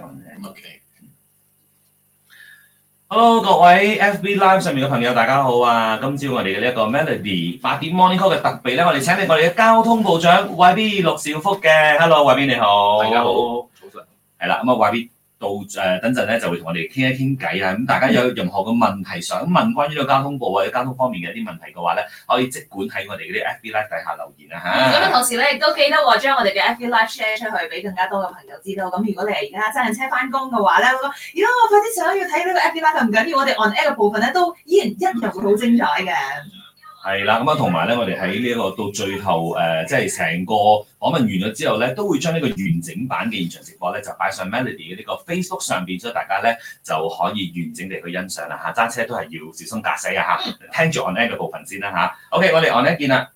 O K，Hello，各位 F B Live 上面嘅朋友，大家好啊！今朝我哋嘅呢一個 Melody 八點 Morning Call 嘅特別咧，我哋請嚟我哋嘅交通部長 Y B 陸兆福嘅，Hello，Y B 你好，大家好，早晨，係啦，咁啊，Y B。到誒、呃、等陣咧就會同我哋傾一傾偈啦，咁大家有任何嘅問題想問關於個交通部或者交通方面嘅一啲問題嘅話咧，可以即管喺我哋嗰啲 FB Live 底下留言啊嚇。咁、嗯嗯、同時咧亦都記得喎，將我哋嘅 FB Live share 出去俾更加多嘅朋友知道。咁如果你而家揸緊車翻工嘅話咧，如果我快啲想要睇呢個 FB Live，咁唔緊要，我哋 on air 嘅部分咧都依然一樣會好精彩嘅。嗯係啦，咁啊同埋咧，我哋喺呢一個到最後誒，即係成個訪問完咗之後咧，都會將呢個完整版嘅現場直播咧，就擺上 Melody 嘅呢個 Facebook 上邊，所以大家咧就可以完整地去欣賞啦嚇。揸、啊、車都係要小心駕駛啊嚇，聽住 online 嘅部分先啦吓、啊、OK，我哋 online 見啦。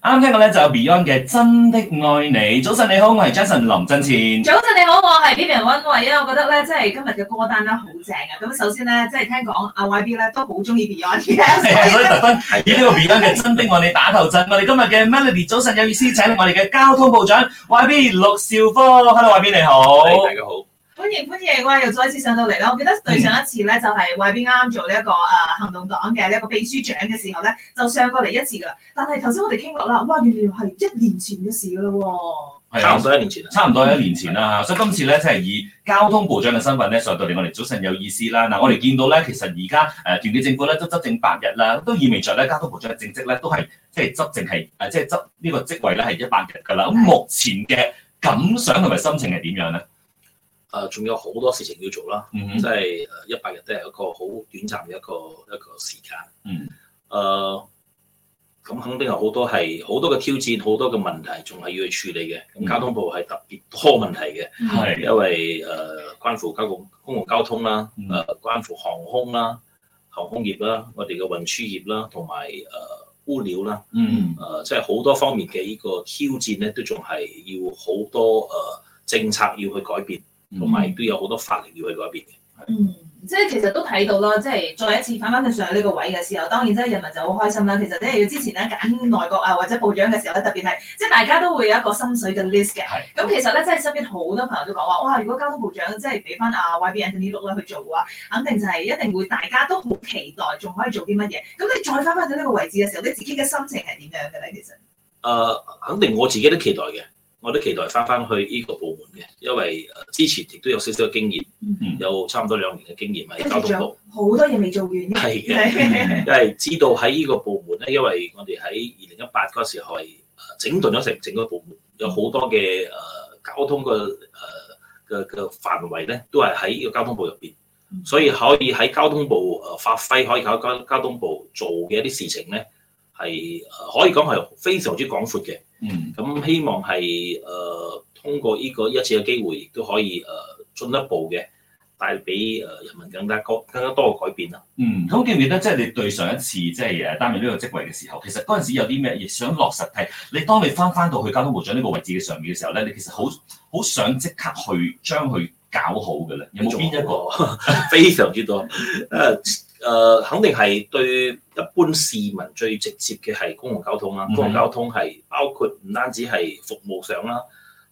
啱聽嘅咧就是有 Beyond 嘅真的愛你，早晨你好，我係 Jason 林真前。早晨你好，我 i 係 YB 温慧啊，因為我覺得咧即係今日嘅歌單咧好正啊。咁首先咧即係聽講阿 YB 咧都好中意 Beyond 嘅， 所以特登以呢個 Beyond 嘅真的愛你打頭陣我哋 Melody。我哋今日嘅 Melody 早晨有啲私請我哋嘅交通部長 YB 陸兆福，hello YB 你好。大家好。歡迎歡迎，我又再一次上到嚟啦。我記得對上一次咧，就係外邊啱啱做呢一個誒行動黨嘅呢一個秘書長嘅時候咧，就上過嚟一次噶啦。但係頭先我哋傾過啦，哇！原來係一年前嘅事噶啦喎。係差唔多一年前，差唔多一年前啦。所以今次咧，即係以交通部長嘅身份咧上到嚟，我哋早晨有意思啦。嗱，我哋見到咧，其實而家誒團結政府咧都執政八日啦，都意味著咧交通部長嘅正職咧都係即係執政係誒，即係執呢個職位咧係一百日噶啦。咁目前嘅感想同埋心情係點樣咧？誒，仲有好多事情要做啦，即係誒一百日都係一個好短暫嘅一個一個時間。嗯、mm。誒、hmm. 呃，咁肯定有好多係好多嘅挑戰，好多嘅問題仲係要去處理嘅。咁交通部係特別多問題嘅，係、mm hmm. 因為誒、呃、關乎公共交通空運交通啦，誒、呃、關乎航空啦、航空業啦、我哋嘅運輸業啦，同埋誒物料啦。嗯、mm。誒、hmm. 呃，即係好多方面嘅呢個挑戰咧，都仲係要好多誒政策要去改變。同埋亦都有好多法律要喺嗰一邊，嗯，即係其實都睇到啦，即係再一次翻翻去上呢個位嘅時候，當然即係人民就好開心啦。其實要之前咧揀內閣啊或者部長嘅時候咧，特別係即係大家都會有一個心水嘅 list 嘅。咁的、嗯、其實咧，即係身邊好多朋友都講話，哇！如果交通部長即係俾翻阿 Y B Anthony Loke 去做嘅話，肯定就係一定會大家都好期待，仲可以做啲乜嘢。咁你再翻翻到呢個位置嘅時候，你自己嘅心情係點樣嘅咧？其實誒、呃，肯定我自己都期待嘅。我都期待翻翻去呢個部門嘅，因為之前亦都有少少經驗，嗯、有差唔多兩年嘅經驗喺、嗯、交通部，好多嘢未做完。係嘅的， 因為知道喺呢個部門咧，因為我哋喺二零一八嗰時候係整頓咗成整個部門，嗯、有好多嘅誒、呃、交通嘅誒嘅嘅範圍咧，都係喺呢個交通部入邊，嗯、所以可以喺交通部誒發揮，可以喺交交通部做嘅一啲事情咧。係、呃，可以講係非常之廣闊嘅。嗯，咁希望係誒、呃、通過呢個一次嘅機會，亦都可以誒、呃、進一步嘅帶俾誒人民更加多更加多嘅改變啊。嗯，咁記唔記得即係、就是、你對上一次即係誒擔任呢個職位嘅時候，其實嗰陣時有啲咩嘢想落實？係你當你翻翻到去交通部長呢個位置嘅上面嘅時候咧，你其實好好想即刻去將佢搞好嘅啦。有冇邊一個非常之多？誒。 誒肯定係對一般市民最直接嘅係公共交通啦，mm hmm. 公共交通係包括唔單止係服務上啦，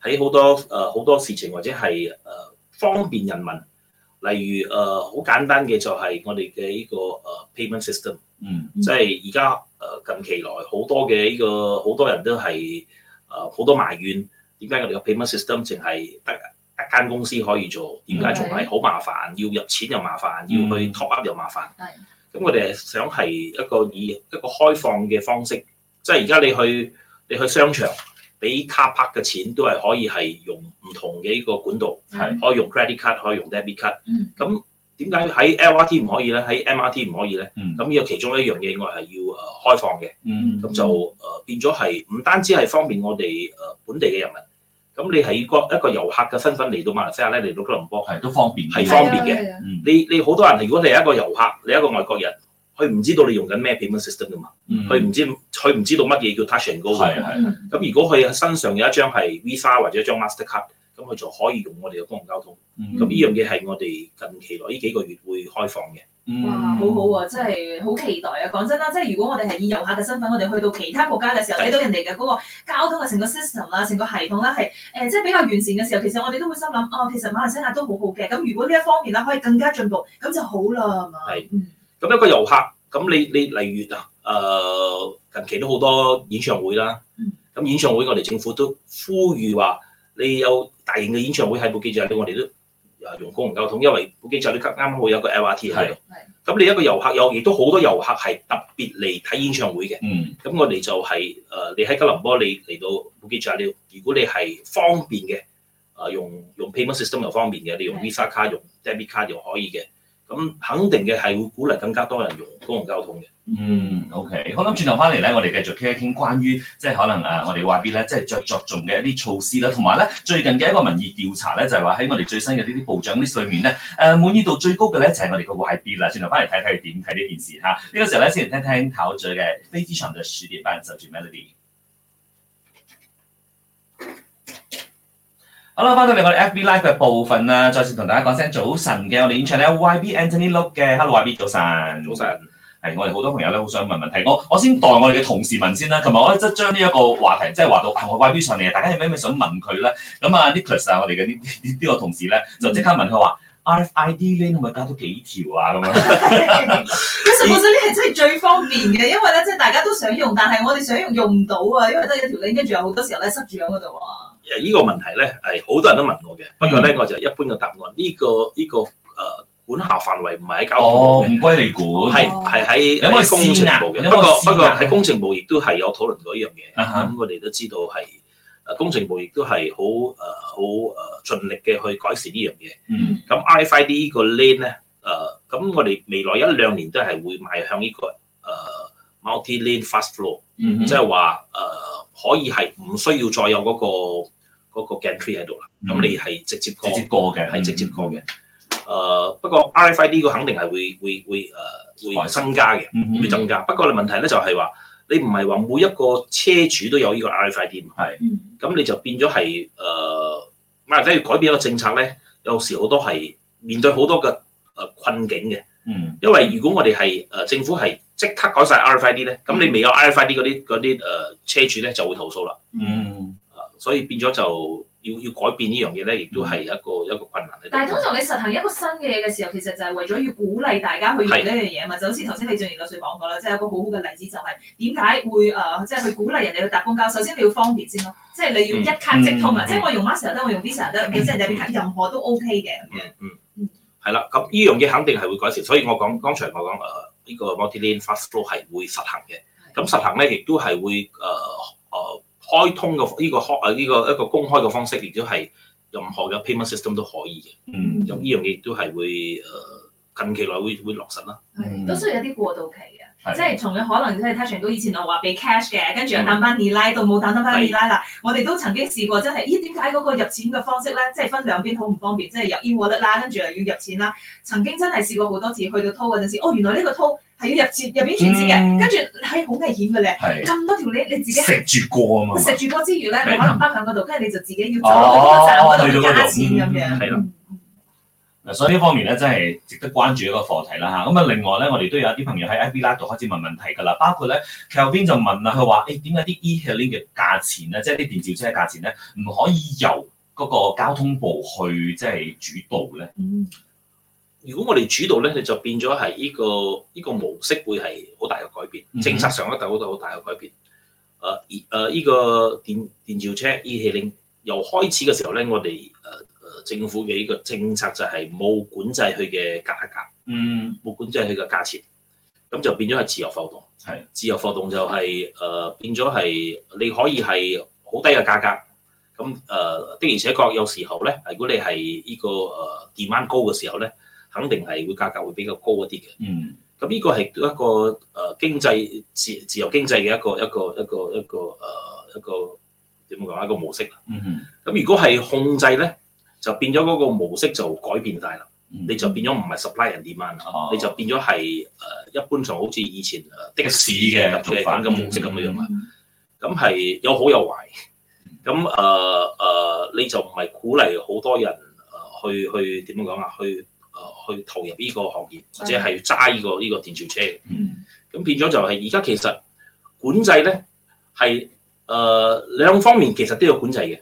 喺好多誒好、呃、多事情或者係誒、呃、方便人民，例如誒好、呃、簡單嘅就係我哋嘅呢個誒 payment system，嗯、mm，即係而家誒近期來好多嘅呢、這個好多人都係誒好多埋怨，點解我哋嘅 payment system 淨係得？一間公司可以做，點解仲係好麻煩？要入錢又麻煩，要去 top up 又麻煩。係、mm。咁、hmm. 我哋係想係一個以一個開放嘅方式，即係而家你去你去商場俾卡拍嘅錢，都係可以係用唔同嘅呢個管道，係、mm hmm. 可以用 credit card 可以用 debit card。咁點解喺 LRT 唔可以咧？喺 MRT 唔可以咧？咁呢個其中一樣嘢，我係要誒開放嘅。咁、mm hmm. 就誒變咗係唔單止係方便我哋誒本地嘅人民。咁你係一個一個遊客嘅身份嚟到馬來西亞咧，嚟到吉隆坡係都方便嘅，係方便嘅。你你好多人係，如果你係一個遊客，你一個外國人，佢唔知道你用緊咩 payment system 㗎嘛，佢唔知佢唔知道乜嘢叫 Touch 'n Go。係係。嗯。咁如果佢身上有一張係 Visa 或者一張 Mastercard，咁佢就可以用我哋嘅公共交通。咁呢樣嘢係我哋近期內呢幾個月會開放嘅。嗯、哇，好好喎、啊，真係好期待啊！講真啦，即係如果我哋係以遊客嘅身份，我哋去到其他國家嘅時候，睇是到人哋嘅嗰個交通嘅成個 system 啦，成個系統啦，係誒、呃、即係比較完善嘅時候，其實我哋都會心諗，哦，其實馬來西亞都好好嘅。咁如果呢一方面啦，可以更加進步，咁就好啦，係嘛是？係、嗯，咁一個遊客，咁你你例如啊，誒、呃、近期都好多演唱會啦，咁、嗯、演唱會我哋政府都呼籲話，你有大型嘅演唱會係冇記住，我哋都。啊，用公共交通，因為 Bogota 呢啱啱好有個 LRT 喺度。係，咁你一個遊客有，亦都好多遊客係特別嚟睇演唱會嘅。嗯，咁我哋就係、是，誒、呃，你喺吉林波你嚟到 Bogota，如果你係方便嘅，啊、呃，用用 payment system 又方便嘅，你用 Visa 卡是、用 debit 卡又可以嘅。咁肯定嘅係會鼓勵更加多人用公共交通嘅。嗯，OK。好，我諗轉頭翻嚟咧，我哋繼續傾一傾關於即係、就是、可能啊，我哋 YB 咧即係著着重嘅一啲措施啦，同埋咧最近嘅一個民意調查咧，就係話喺我哋最新嘅呢啲部長 list 裏面咧，誒、呃、滿意度最高嘅咧就係、是、我哋個 YB 啦。轉頭翻嚟睇睇佢點睇呢件事嚇。呢、啊這個時候咧先嚟聽聽考者嘅飛機場嘅樹葉班人就住咩道理？好啦，翻到嚟我哋 FB Live 嘅部分啊，再次同大家講聲早晨嘅，我哋演唱咧 YB Anthony Loke 嘅，Hello YB 早晨，早晨，係我哋好多朋友咧，好想問問題，我我先代我哋嘅同事問先啦，同埋我即係將呢一個話題，即係話到我 YB 上嚟，大家有咩咩想問佢咧？咁啊 Nicholas、嗯、啊，我哋嘅呢呢個同事咧，就即刻問佢話 RFID link 係咪加多幾條啊？咁樣，其實我覺得呢係真係最方便嘅，因為咧即係大家都想用，但係我哋想用用唔到啊，因為都係一條 link，跟住有好多時候咧塞住喺嗰度啊。呢依個問題咧係好多人都問我嘅，不過咧我就一般嘅答案。呢、這個依、這個誒、呃、管轄範圍唔係喺交通部唔歸、哦、你管，係係喺工程部嘅。哦、不過、嗯、不過喺工程部亦都係有討論過依樣嘢。咁我哋都知道係誒工程部亦都係好誒好誒盡力嘅去改善呢樣嘢。咁 i5D 呢個 lane 咧、呃、誒，咁、呃、我哋未來一兩年都係會邁向呢、這個誒 multi lane fast flow，即係話誒可以係唔需要再有嗰個。嗰個 g a t e 喺度啦，咁、嗯、你係直接過，直接過嘅，係直接過嘅。誒、嗯呃，不過 RFID 呢個肯定係會會會誒會增加嘅，會增加。不過你問題咧就係、是、話，你唔係話每一個車主都有呢個 RFID 嘛？係，咁、嗯、你就變咗係誒，或者要改變一個政策咧，有時好多係面對好多個誒困境嘅。嗯，因為如果我哋係誒政府係即刻改晒 RFID 咧，咁你未有 RFID 嗰啲啲誒車主咧就會投訴啦。了嗯。所以變咗就要要改變呢樣嘢咧，亦都係一個、嗯、一個困難。但係通常你實行一個新嘅嘢嘅時候，其實就係為咗要鼓勵大家去做呢樣嘢，咪是就好似頭先李俊賢老細講過啦，即、就、係、是、一個好好嘅例子、就是呃，就係點解會誒，即係去鼓勵人哋去搭公交。首先你要方便先咯，即係你要一卡通、嗯嗯嗯、即通啊，即係我用 master 得，我用 visa 得，即係人哋任何都 OK 嘅，咁嗯，係啦，咁呢樣嘢肯定係會改善。所以我講剛才我講誒呢個 multi lane fast flow 係會實行嘅。咁實行咧，亦都係會誒誒。開通個呢個開啊呢個一個公開嘅方式，亦都係任何嘅 payment system 都可以嘅。嗯，用呢樣嘢都係會誒近期內會會落實啦、嗯。係都、嗯、需要有啲過渡期嘅，的即係從有可能即係 Touch 都以前我話俾 cash 嘅，跟住又攤翻二奶，的到冇攤得翻二奶啦。的我哋都曾經試過真係，咦點解嗰個入錢嘅方式咧？即係分兩邊好唔方便，即係入 e w 得 leWallet 啦，跟住又要入錢啦。曾經真係試過好多次，去到 toll 嗰陣時，哦原來呢個 toll。係要入錢入邊轉錢嘅，跟住係好危險嘅咧。係咁多條你你自己食住過啊嘛，食住過之餘咧，你擺落包喺嗰度，跟住你就自己要走嗰度賺好多錢咁樣。係囉、嗯，嗱，嗯嗯、所以呢方面咧真係值得關注一個課題啦嚇。咁啊，另外咧，我哋都有啲朋友喺 IV Live 度開始問問題噶啦，包括咧 Kevin 就問啦，佢話：誒點解啲 e-hailing 嘅價錢咧，即係啲電召車價錢咧，唔可以由嗰個交通部去即係主導咧？嗯如果我哋主導咧，你就變咗係呢個依、呢個模式會係好大嘅改變，政策上一個都好大嘅改變。誒而呢依個電召車 e-hailing，由開始嘅時候咧，我哋誒誒政府嘅依個政策就係冇管制佢嘅價格，嗯、mm，冇、hmm，管制佢嘅價錢，咁就變咗係自由浮動，係的自由浮動就係、是、誒、呃、變咗係你可以係好低嘅價格。咁誒、呃、的而且確有時候咧，如果你係呢個誒 demand 高嘅時候咧，肯定係會價格會比較高一啲嘅。嗯。咁呢個係一個誒經濟自自由經濟嘅一個一個一個一個誒、呃、一個點講一個模式。嗯哼。咁如果係控制咧，就變咗嗰個模式就改變晒啦。嗯、你就變咗唔係 supply 人哋啊。哦。你就變咗係誒一般上好似以前誒的士嘅嘅咁模式咁嘅樣啦。咁係、嗯、哼有好有壞。嗯。 咁誒誒，你就唔係鼓勵好多人誒去去點講啊？去，去，去，去，去，去，去啊！去投入呢個行業，或者係要揸呢個呢個電召車嘅。嗯，咁變咗就係而家其實管制咧係誒兩方面，其實都有管制嘅。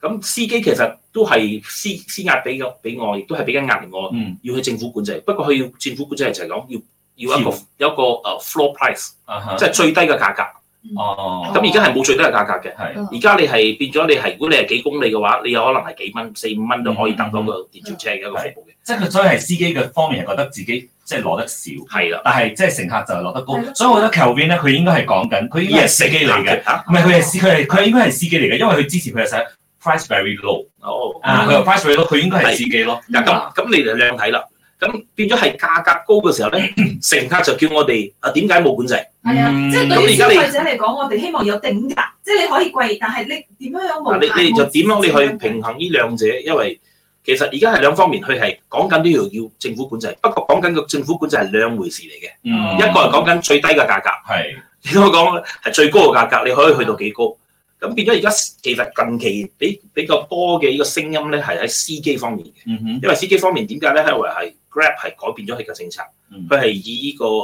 咁司機其實都係施施壓俾咗俾我，亦都係俾緊壓力我。嗯、要去政府管制，不過佢要政府管制就係講要要一個有是一個誒 floor price，即係、啊、哈最低嘅價格。哦，咁而家係冇最低嘅價格嘅，而家你係變咗你係如果你係幾公里嘅話，你有可能係幾蚊四五蚊都可以登到個電召車嘅一個服務嘅，即係佢所以係司機嘅方面係覺得自己即係攞得少，係啦，但係即係乘客就係攞得高，所以我覺得後邊咧佢應該係講緊佢應該係司機嚟嘅，唔係佢係司佢係佢應該係司機嚟嘅，因為佢之前佢又寫 price very low，哦，啊佢話 price very low，佢應該係司機咯，咁咁你就靚睇啦。咁變咗係價格高嘅時候咧， 乘客就叫我哋啊點解冇管制？係啊，即係對消費者嚟講，我哋希望有定格，即係你可以貴，但係你點樣樣你你就點樣你去平衡呢兩者？ 因為其實而家係兩方面，佢係講緊呢要叫政府管制。不過講緊個政府管制係兩回事嚟嘅。嗯，一個係講緊最低嘅價格，係是你同我講係最高嘅價格，你可以去到幾高？咁變咗而家其實近期比比較多嘅呢個聲音咧，係喺司機方面嘅。嗯、哼因為司機方面點解咧？係因為係。Grab 係改變咗佢嘅政策，佢係以呢個誒誒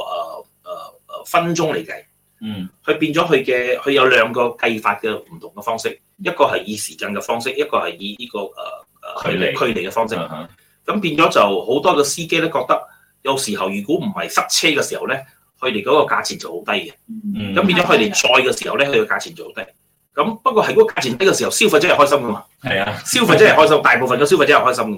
誒分鐘嚟計，佢變咗佢嘅佢有兩個計法嘅唔同嘅方式，一個係以時間嘅方式，一個係以呢個誒誒、呃、距離距離嘅方式。咁變咗就好多嘅司機咧，覺得有時候如果唔係塞車嘅時候咧，佢哋嗰個價錢就好低嘅。咁變咗佢哋載嘅時候咧，佢個價錢就好低。咁不過係嗰個價錢低嘅時候，消費者係開心噶嘛？係啊，消費者係開心，大部分嘅消費者係開心噶嘛。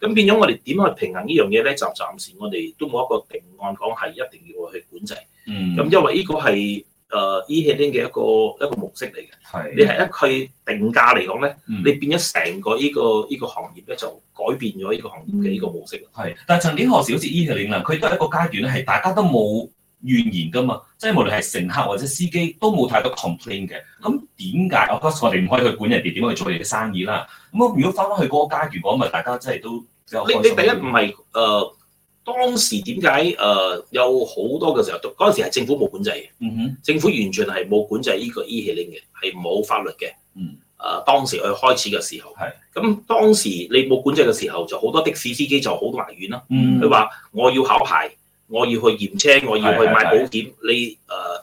咁、嗯、變咗我哋點去平衡呢樣嘢咧？就暫時我哋都冇一個定案講係一定要去管制。咁、嗯、因為呢個係誒、呃、e-hailing 嘅一個一個模式嚟嘅。係是。你係一佢定價嚟講咧，嗯、你變咗成個呢、呢個依、呢個行業咧，就改變咗呢個行業嘅呢個模式。係。但係曾經何時好似 e-hailing 啦佢都係一個階段係大家都冇怨言㗎嘛，即係無論係乘客或者司機都冇太多 complain 嘅。咁點解？Mm hmm. 我我哋唔可以去管人哋點樣去做佢哋嘅生意啦。咁如果翻返去嗰個階段，咪大家真係都你你第一唔係誒當時點解誒有好多嘅時候？嗰陣時係政府冇管制、mm hmm. 政府完全係冇管制呢個 e-hailing 嘅，係冇法律嘅，嗯、mm。誒、hmm. 呃、當時佢開始嘅時候，係咁、mm hmm. 當時你冇管制嘅時候，就好多的士司機就好埋怨啦。佢話我要考牌。Hmm. Mm hmm. 我要去驗車，我要去買保險。的你誒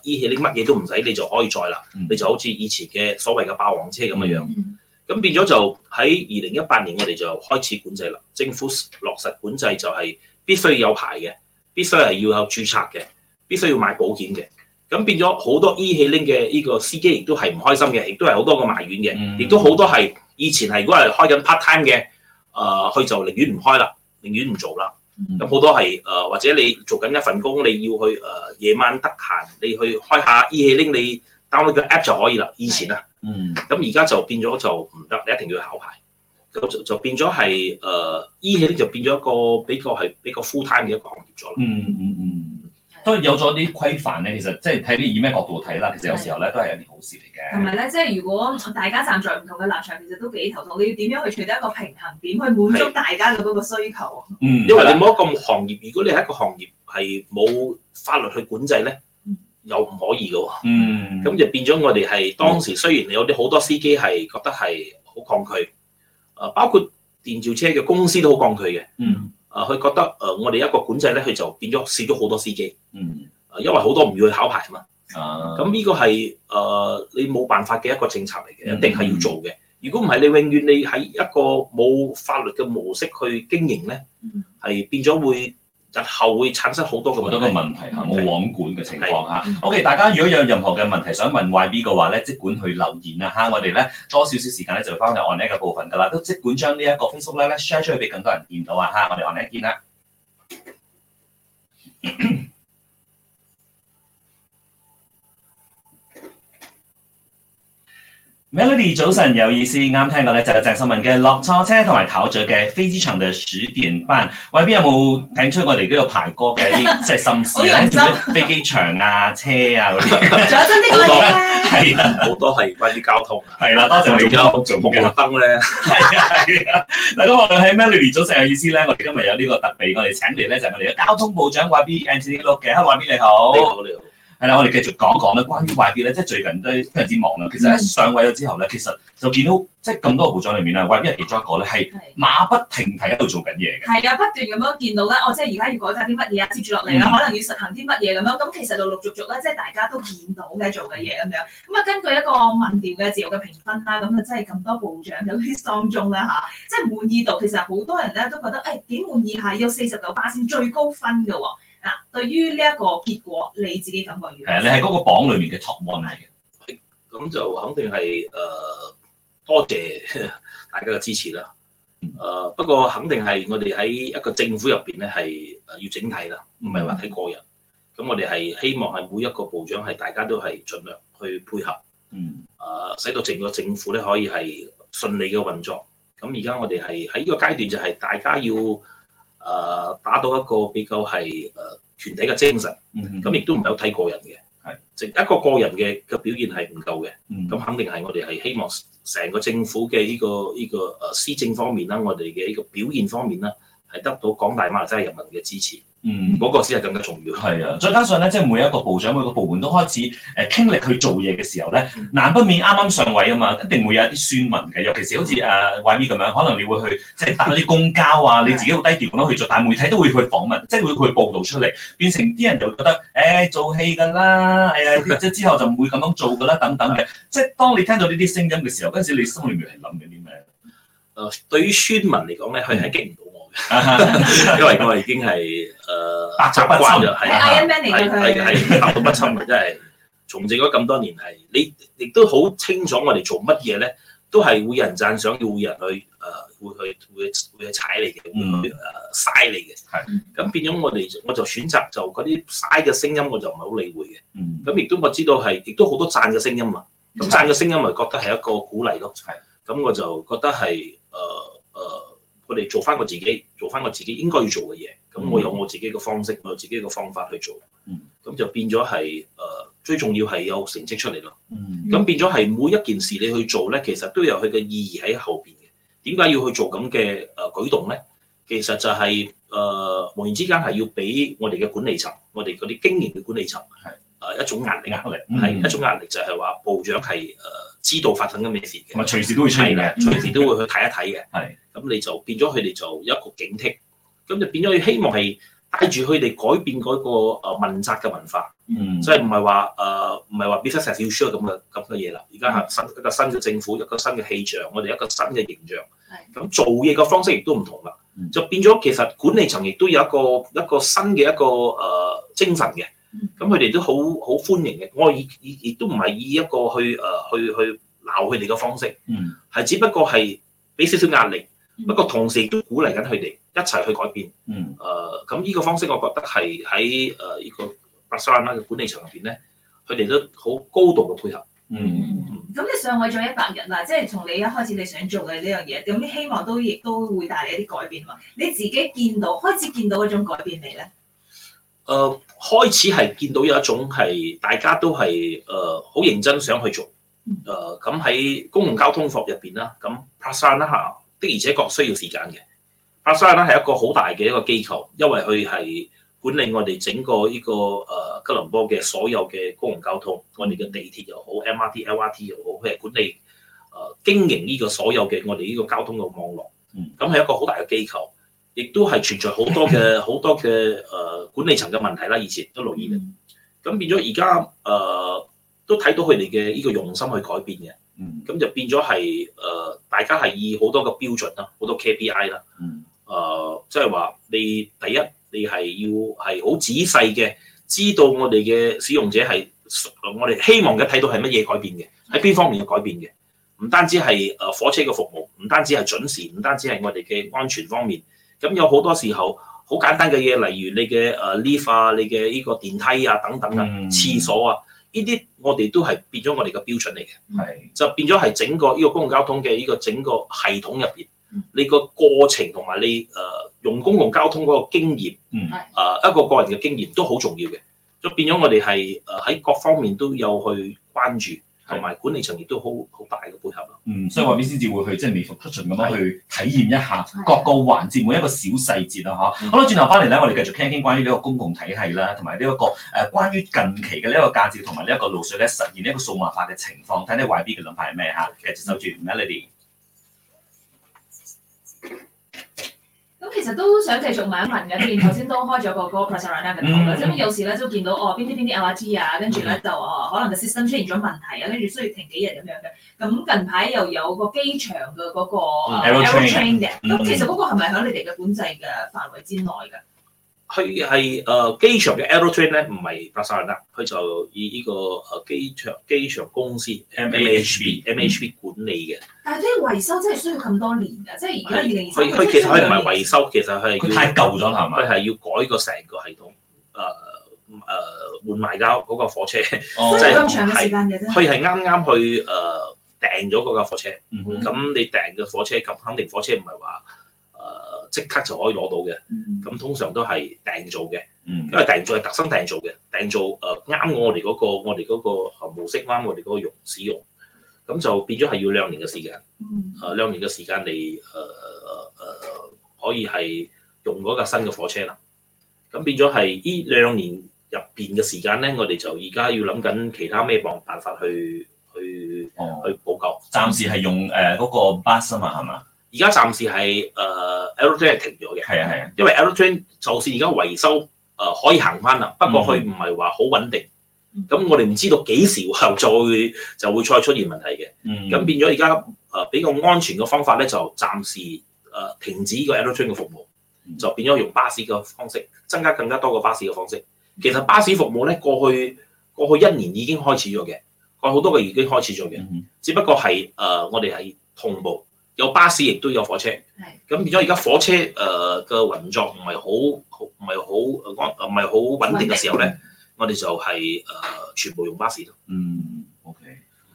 依起拎，乜嘢都唔使，你就可以載啦。嗯、你就好似以前嘅所謂嘅霸王車咁嘅樣。咁、嗯、變咗就喺二零一八年，我哋就開始管制啦。政府落實管制就係必須有牌嘅，必須係要有註冊嘅，必須要買保險嘅。咁變咗好多 e 起拎嘅呢個司機，亦都係唔開心嘅，亦都係好多個埋怨嘅，亦、嗯、都好多係以前係如果係開緊 part time 嘅，誒、呃、佢就寧願唔開啦，寧願唔做啦。咁好、嗯、多係誒、呃，或者你做緊一份工，你要去誒、呃、夜晚得閒，你去開下 E 氣拎，mail, 你 download 個 app 就可以啦。以前啊、嗯嗯，嗯，咁而家就變咗就唔得，你一定要去考牌，咁就就變咗係誒 E 氣拎就變咗一個比較係比較 full time 嘅一個行業咗啦。嗯嗯嗯。當然有咗啲規範咧，其實即係睇啲以咩角度睇啦。其實有時候咧都係一件好事嚟嘅。同埋咧，即係如果大家站在唔同嘅立場，其實都幾頭痛。你要點樣去取得一個平衡點，點去滿足大家嘅嗰個需求？嗯的，因為你冇一個行業，如果你係一個行業係冇法律去管制咧，嗯、又唔可以嘅喎。嗯，咁就變咗我哋係當時雖然有啲好多司機係覺得係好抗拒，啊，包括電召車嘅公司都好抗拒嘅。嗯。啊，佢覺得，誒、呃，我哋一個管制咧，佢就變咗少咗好多司機，嗯，因為好多唔要去考牌嘛，啊，咁呢個係誒、呃、你冇辦法嘅一個政策嚟嘅，一定係要做嘅。嗯、如果唔係，你永遠你喺一個冇法律嘅模式去經營咧，係、嗯、變咗會。就後會產生好多好多個問題嚇。冇網、嗯嗯、管嘅情況嚇。嗯、OK，大家如果有任何嘅問題想問 YB 嘅話咧，即管去留言啊！哈，我哋咧多少少時間咧就翻去按呢一個部分噶啦，都即管將呢一個 Facebook 咧咧 share 出去俾更多人見到啊！哈，我哋按呢見啦。 Melody 早晨有意思，啱聽過咧就係鄭秀文嘅落錯車同埋陶喆嘅飛機場嘅鼠電班，喂，邊有冇聽出 我哋呢個排歌嘅啲即係心事咧？飛機場啊，車啊嗰啲，啲好多，係好多係關於交通，係啦、啊。多謝你咁多做紅綠燈咧。係啊係啊，嗱咁、啊啊、 我哋喺 Melody 早晨有意思咧，我哋今日有呢個特別，我哋請嚟咧就係、是、我哋嘅交通部長 YB Anthony Loke 嘅，Hello 你好。係啦，我哋繼續講講咧，關於外啲咧，即係最近都非常之忙啦。其實一上位咗之後咧，其實就見到即係咁多部長裏面咧，外邊係其中一個咧，係馬不停蹄喺度做緊嘢嘅。係啊，不斷咁樣見到咧，哦，即係而家要改翻啲乜嘢啊，接住落嚟啦，可能要實行啲乜嘢咁樣。咁其實陸陸續續咧，即係大家都見到嘅做嘅嘢咁樣。咁啊，根據一個民調嘅自由嘅評分啦，咁啊真係咁多部長喺當中啦嚇，即係滿意度其實好多人咧都覺得誒幾滿意下，要四十九巴仙最高分㗎喎。嗱，對於呢一個結果，你自己感覺如何？係啊，你係嗰個榜裏面嘅 top one 嚟嘅，咁就肯定係誒、呃、多謝大家嘅支持啦。誒、呃、不過肯定係我哋喺一個政府入邊咧，係誒要整體啦，唔係話睇個人。咁、嗯、我哋係希望係每一個部長係大家都係盡量去配合，嗯，誒使到整個政府咧可以係順利嘅運作。咁而家我哋係喺呢個階段，就係大家要誒、呃、打到一個比較係誒團體嘅精神，咁亦、嗯、哼都唔係好睇個人嘅，係的，一個個人嘅嘅表現係唔夠嘅，咁、嗯、哼肯定係我哋係希望成個政府嘅呢、呢個呢、呢個誒施、啊、政方面啦，我哋嘅呢個表現方面啦。係得到廣大馬來西亞人民嘅支持，嗯，嗰個先係更加重要。係啊，再加上咧，即係每一個部長每個部門都開始誒、呃、傾力去做嘢嘅時候咧，難不免啱啱上位啊嘛，一定會有一啲宣文嘅。尤其係好似誒 y u m 咁樣，可能你會去即係搭啲公交啊，你自己好低調咁、啊、樣去做，但媒體都會去訪問，即係會去報導出嚟，變成啲人就覺得誒、哎、做戲㗎啦，係即係之後就唔會咁樣做㗎啦，等等嘅。即係當你聽到呢啲聲音嘅時候，嗰陣時你心裏面係諗緊啲咩？誒、呃，對於宣文嚟講咧，佢係激唔到。嗯因為我已經係誒習慣咗，係、是，係係百到不親嘅，真係從政咗咁多年係，你亦都好清楚我哋做乜嘢咧，都係會有人讚賞，會有人去誒、呃，會去會去踩你嘅，會誒嘥你嘅。係咁、okay. 嗯、變咗我哋，我就選擇就嗰啲嘥嘅聲音，我就唔係好理會嘅。咁亦都我知道係，亦都好多讚嘅聲音啊。咁讚嘅聲音咪覺得係一個鼓勵咯。係。咁我就覺得係誒誒。我哋做翻我自己，做翻我自己應該要做嘅嘢，咁我有我自己嘅方式，我有自己嘅方法去做，嗯，咁就變咗係誒，最重要係有成績出嚟咯，嗯，咁變咗係每一件事你去做咧，其實都有佢嘅意義喺後邊嘅，點解要去做咁嘅誒舉動咧？其實就係、是、誒、呃，無言之間係要俾我哋嘅管理層，我哋嗰啲經營嘅管理層，係。誒一種壓力，係一種壓力就，就係話部長係誒、呃、知道發生緊咩事嘅，隨時都會出現嘅，的隨時都會去睇一睇嘅。係咁、嗯、你就變咗佢哋就有一個警惕，咁就變咗佢希望係帶住佢哋改變嗰個誒問責嘅文化。嗯，所以唔係話誒唔係話 business as usual 咁嘅咁嘅嘢啦。而家係新一個新嘅政府，一個新嘅氣象，我哋一個新嘅形象。咁做嘢嘅方式亦都唔同啦，就變咗其實管理層亦都有一個一個新嘅一個誒精神嘅。咁佢哋都好好歡迎嘅，我亦亦亦都唔係以一個去誒、呃、去去鬧佢哋嘅方式，係、嗯、只不過係俾少少壓力，嗯、不過同時都鼓勵緊佢哋一齊去改變。誒咁依個方式，我覺得係喺誒依個白沙灣嘅管理層入邊咧，佢哋都好高度嘅配合。嗯，咁、嗯嗯、你上位咗一百日啦，即、就、係、是、從你一開始你想做嘅呢樣嘢，咁希望都亦都會帶嚟一啲改變嘛？你自己見到開始見到嗰種改變未咧？誒、呃。開始係見到有一種係大家都係誒好認真想去做誒，咁、呃、喺公共交通域入邊啦，咁帕山啦嚇的而且確需要時間嘅。帕山啦係一個好大嘅一個機構，因為佢係管理我哋整個呢個誒、呃、吉隆坡嘅所有嘅公共交通，我哋嘅地鐵又好，MRT、LRT 又好，佢係管理誒、呃、經營呢個所有嘅我哋呢個交通嘅網絡。嗯，咁係一個好大嘅機構。亦都係存在好多嘅好 多嘅誒、呃、管理層嘅問題啦。以前都留意嘅，咁變咗而家誒都睇到佢哋嘅呢個用心去改變嘅。咁就變咗係誒大家係以好多個標準啦，好多 KPI 啦、呃。誒即係話你第一，你係要係好仔細嘅知道我哋嘅使用者係我哋希望嘅睇到係乜嘢改變嘅喺邊方面嘅改變嘅，唔單止係誒火車嘅服務，唔單止係準時，唔單止係我哋嘅安全方面。咁有好多時候，好簡單嘅嘢，例如你嘅誒 lift 啊，你嘅呢個電梯啊，等等啊，廁所啊，呢啲我哋都係變咗我哋嘅標準嚟嘅，是就變咗係整個呢個公共交通嘅呢個整個系統入邊，你個過程同埋你誒、呃、用公共交通嗰個經驗是、呃，一個個人嘅經驗都好重要嘅，就變咗我哋係誒喺各方面都有去關注。同埋管理層亦都好好大嘅配合咯。嗯，所以外邊先至會去即係微服出巡咁樣去體驗一下各個環節每一個小細節的啊！嚇，好啦，轉頭翻嚟咧，我哋繼續傾一傾關於呢個公共體系啦，同埋呢一個誒關於近期嘅呢一個價值同埋呢一個路水咧實現呢一個數碼化嘅情況，睇睇外邊嘅諗法係咩嚇，啊、Okay. 繼續收住 Melody。Mel 其實都想繼續買一輪嘅，之前頭先都開咗個個 price run up 嘅頭有時咧都見到哦邊啲邊啲 AirAsia 啊，跟住咧就哦可能個 system 出現咗問題啊，跟住需要停幾日咁樣嘅。咁近排又有個機場嘅嗰個 Aerotrain 嘅，咁其實嗰個係咪喺你哋嘅管制嘅範圍之內嘅？佢係誒機場嘅 Aero Train 咧，唔係巴塞爾啦，佢就以呢、這個誒、呃、機場機場公司 m h b MHB、嗯、管理嘅。但係啲維修真係需要咁多年㗎，即係而家二零二。佢佢其實佢唔係維修，其實佢。太舊咗啦，係嘛嗎？佢係要改個成個系統，誒、呃、誒、呃、換埋交嗰個火車。真係咁長嘅時間嘅啫。佢係啱啱去誒、呃、訂咗嗰架火車，咁、嗯、哼你訂嘅火車咁肯定火車唔係話誒。呃即刻就可以攞到嘅，咁通常都係訂做嘅，因為訂做係特登訂做嘅，嗯、訂做誒啱、呃、我哋嗰、嗰個我哋嗰個模式，啱我哋嗰個用使用，咁就變咗係要兩年嘅時間，誒、嗯啊、兩年嘅時間嚟誒誒可以係用嗰架新嘅火車啦。咁變咗係呢兩年入邊嘅時間咧，我哋就而家要諗緊其他咩辦辦法去去、哦、去補救。暫時係用誒嗰、呃嗰個巴士啊嘛，係嘛？而家暫時係 L train 係停咗嘅，係啊係啊，的因為 L train 就算而家維修誒、呃、可以行翻啦，不過佢唔係話好穩定。咁、嗯、我哋唔知道幾時後再就會再出現問題嘅。咁、嗯、變咗而家誒比較安全嘅方法咧，就暫時誒、呃、停止呢個 L train 嘅服務，嗯、就變咗用巴士嘅方式，增加更加多個巴士嘅方式。其實巴士服務咧，過去過去一年已經開始咗嘅，過去好多個已經開始咗嘅，只不過係誒、呃、我哋係同步。有巴士，亦都有火車。係咁變咗，而家火車誒嘅運作唔係好，唔係好安，唔係好穩定嘅時候咧， 我哋就係、是、誒、呃、全部用巴士咯。嗯。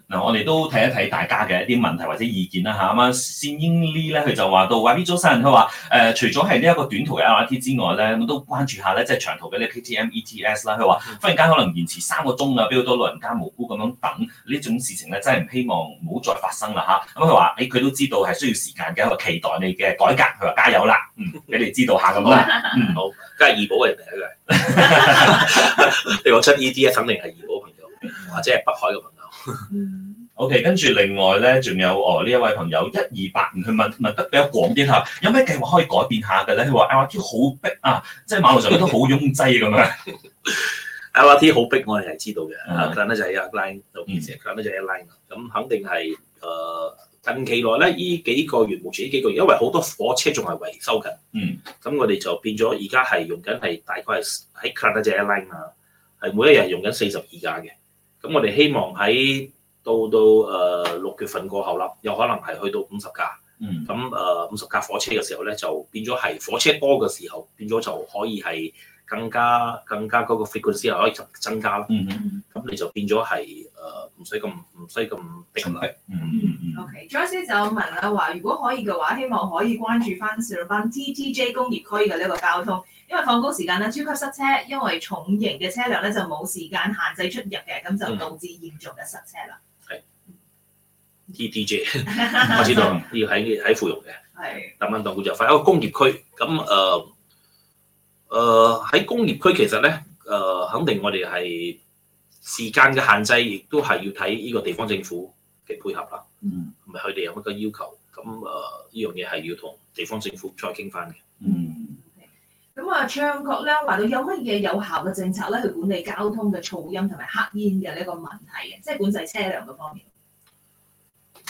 嗱，嗱，我哋都睇一睇大家嘅一啲問題或者意見啦嚇。咁啊 Sean Lee 咧，佢就話到啊，Vinson，佢話誒，除咗係呢一個短途嘅 LRT 之外咧，我都關注下咧，即係長途嘅呢 KTM ETS 啦。佢話忽然間可能延遲三個鐘啊，俾好多老人家無辜咁樣等呢種事情咧，真係唔希望唔好再發生啦嚇。咁佢話，誒，佢都知道係需要時間嘅，我期待你嘅改革。佢話加油啦，嗯，你哋知道下咁啦。嗯，好，梗係怡保嘅 朋友，你講出呢啲咧，肯定係怡保朋友或者係北海嘅朋友嗯。OK，跟住另外咧，仲有哦呢一位朋友，一二八五。去問問得比較廣啲嚇，有咩計劃可以改變下嘅咧？話 LRT 好逼啊，即係馬路上都好擁擠咁樣。LRT 好逼，我哋係知道嘅，但咧就喺 line 就而且佢咧就喺 line 咁肯定係誒、呃、近期內咧，呢幾個月，目前呢幾個月，因為好多火車仲係維修緊。嗯。咁、嗯、我哋就變咗而家係用緊係大概係喺 current 嗰隻 line 啊，係每一日用緊四十二架嘅。咁我哋希望喺到到誒六、uh, 月份過後啦，有可能係去到五十架。嗯、mm。咁誒五十架火車嘅時候咧，就變咗係火車多嘅時候，變咗就可以係更加更加嗰個 figure 之後可以增加啦。嗯嗯嗯。咁、hmm. 你就變咗係。誒，唔使咁唔使咁定力。嗯嗯 O K，j o 就有問啦，話如果可以嘅話，希望可以關注翻市翻 T T J 工業區嘅呢個交通，因為放工時間咧超級塞車，因為重型嘅車輛咧就冇時間限制出入嘅，咁就導致嚴重嘅塞車啦。係、mm.。T T J， 我知道，要喺喺芙蓉嘅。係是。特登當古仔一哦，業區 uh, uh, uh, 工業區，咁誒誒喺工業區其實咧誒，uh, 肯定我哋係。時間嘅限制亦都係要睇呢個地方政府嘅配合啦，嗯，唔係佢哋有乜嘅要求，咁誒呢樣嘢係要同地方政府再傾翻嘅，嗯，咁、okay. 啊，唱覺咧話到有乜嘢有效嘅政策咧去管理交通嘅噪音同埋黑煙嘅呢個問題嘅？即、就、係、是、管制車輛嗰方面。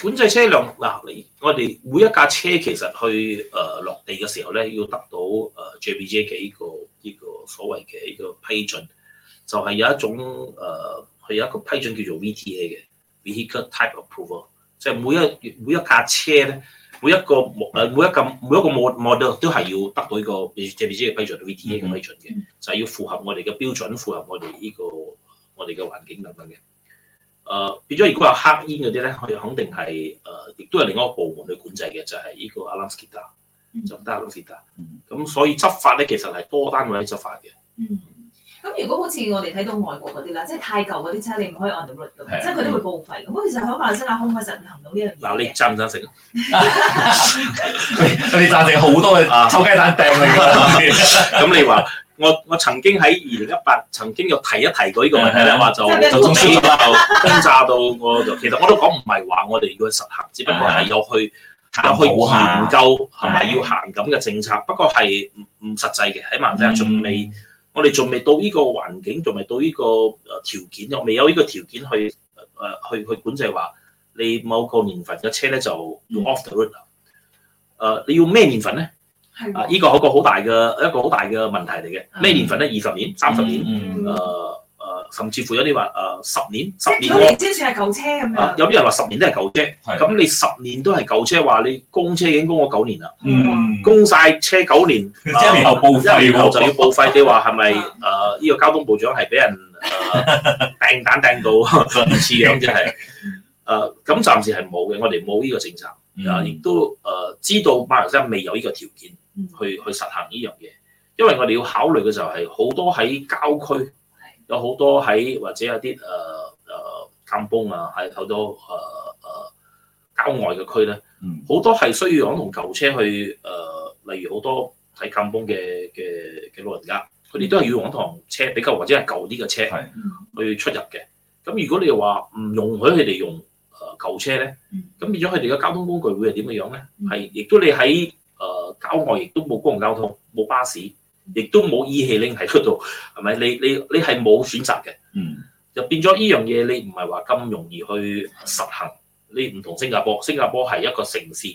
管制車輛嗱、呃，我哋每一架車其實去誒、呃、落地嘅時候咧，要得到誒、呃、JBJ 嘅呢、這個呢、這個所謂嘅一個批准。就係有一種誒，係、呃、有一個批准叫做 VTA 嘅 Vehicle Type Approval，即係每一每一架車咧，每一個模每一架每一個，個 model 都係要得到呢個特別專業批准 VTA 嘅批准嘅，就係、是、要符合我哋嘅標準，符合我哋呢、這個我哋嘅環境等等嘅。誒、呃，變咗如，如果有黑煙嗰啲咧，佢肯定係誒，亦、呃、都有另一個部門去管制嘅，就係、是、呢個 a l a m s k a、嗯、就唔得 a l a s k a，咁所以執法咧，其實係多單位執法嘅。嗯咁如果好似我哋睇到外國嗰啲啦，即係太舊嗰啲車，你唔可以按 n d e 即係佢都會報廢。咁其實喺馬來西亞可唔可以實行到呢樣嘢？嗱，你贊唔贊成？啊？你贊定好多嘅臭雞蛋掟啊！咁你話我我曾經喺二零一八曾經又提一提過呢個問題啦，話就就先就轟炸到我，其實我都講唔係話我哋要實行，只不過係有去有去研究係咪要行咁嘅政策，不過係唔實際嘅，喺馬來西亞仲未。我哋仲未到呢個環境，仲未到呢個誒條件，又未有呢個條件去誒去去管制。話你某個年份嘅車咧就要 off the road。嗯。誒、呃，你要咩年份咧？呢依個係個好大嘅一個好大嘅問題嚟嘅。咩年份咧？二十年、三十年啊。嗯，呃甚至乎有啲話誒，十年，十年即係即係算舊車咁樣。有啲人話十年都係舊車，咁你十年都係舊車，話你供車已經供咗九年啦，供晒車九年，之年後報廢，一年後就要報廢。你話係咪誒？呢個交通部長係俾人掟蛋掟到次樣，即係誒？咁暫時係冇嘅，我哋冇呢個政策，亦都誒知道馬來西亞未有呢個條件去去實行呢樣嘢，因為我哋要考慮嘅就係好多喺郊區。有好多喺或者有啲誒誒禁崩啊，喺好多誒誒、呃、郊外嘅區咧，好多係需要用同臺舊車去誒、呃，例如好多喺禁崩嘅嘅嘅老人家，佢哋都係要用一臺車比較或者係舊啲嘅車去出入嘅。咁如果你又話唔容許佢哋用誒、呃、舊車咧，咁變咗佢哋嘅交通工具會係點嘅樣咧？係，亦都你喺誒、呃、郊外亦都冇公共交通，冇巴士。亦都冇意氣拎喺嗰度，係咪？你你你係冇選擇嘅，嗯，就變咗呢樣嘢，你唔係話咁容易去實行。你唔同新加坡，新加坡係一個城市，係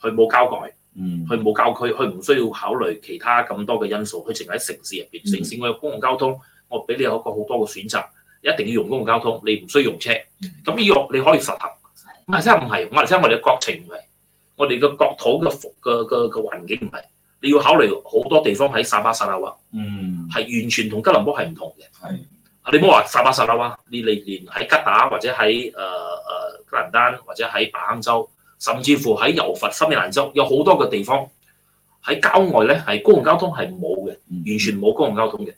佢冇郊外，嗯，佢冇郊區，佢唔需要考慮其他咁多嘅因素，佢淨喺城市入邊。嗯，城市我有公共交通，我俾你有一個好多嘅選擇，一定要用公共交通，你唔需要用車。咁呢個你可以實行，唔係真係唔係，我哋嘅國情唔係，我哋嘅國土嘅嘅嘅嘅環境唔係。你要考慮好多地方喺沙巴沙拉啊，嗯，係完全同吉隆坡係唔同嘅。係，你唔好話沙巴沙拉啊，你連連喺吉打或者喺誒誒吉蘭丹或者喺彭亨州，甚至乎喺柔佛森美蘭州，有好多嘅地方喺郊外咧，係公共交通係冇嘅，完全冇公共交通嘅。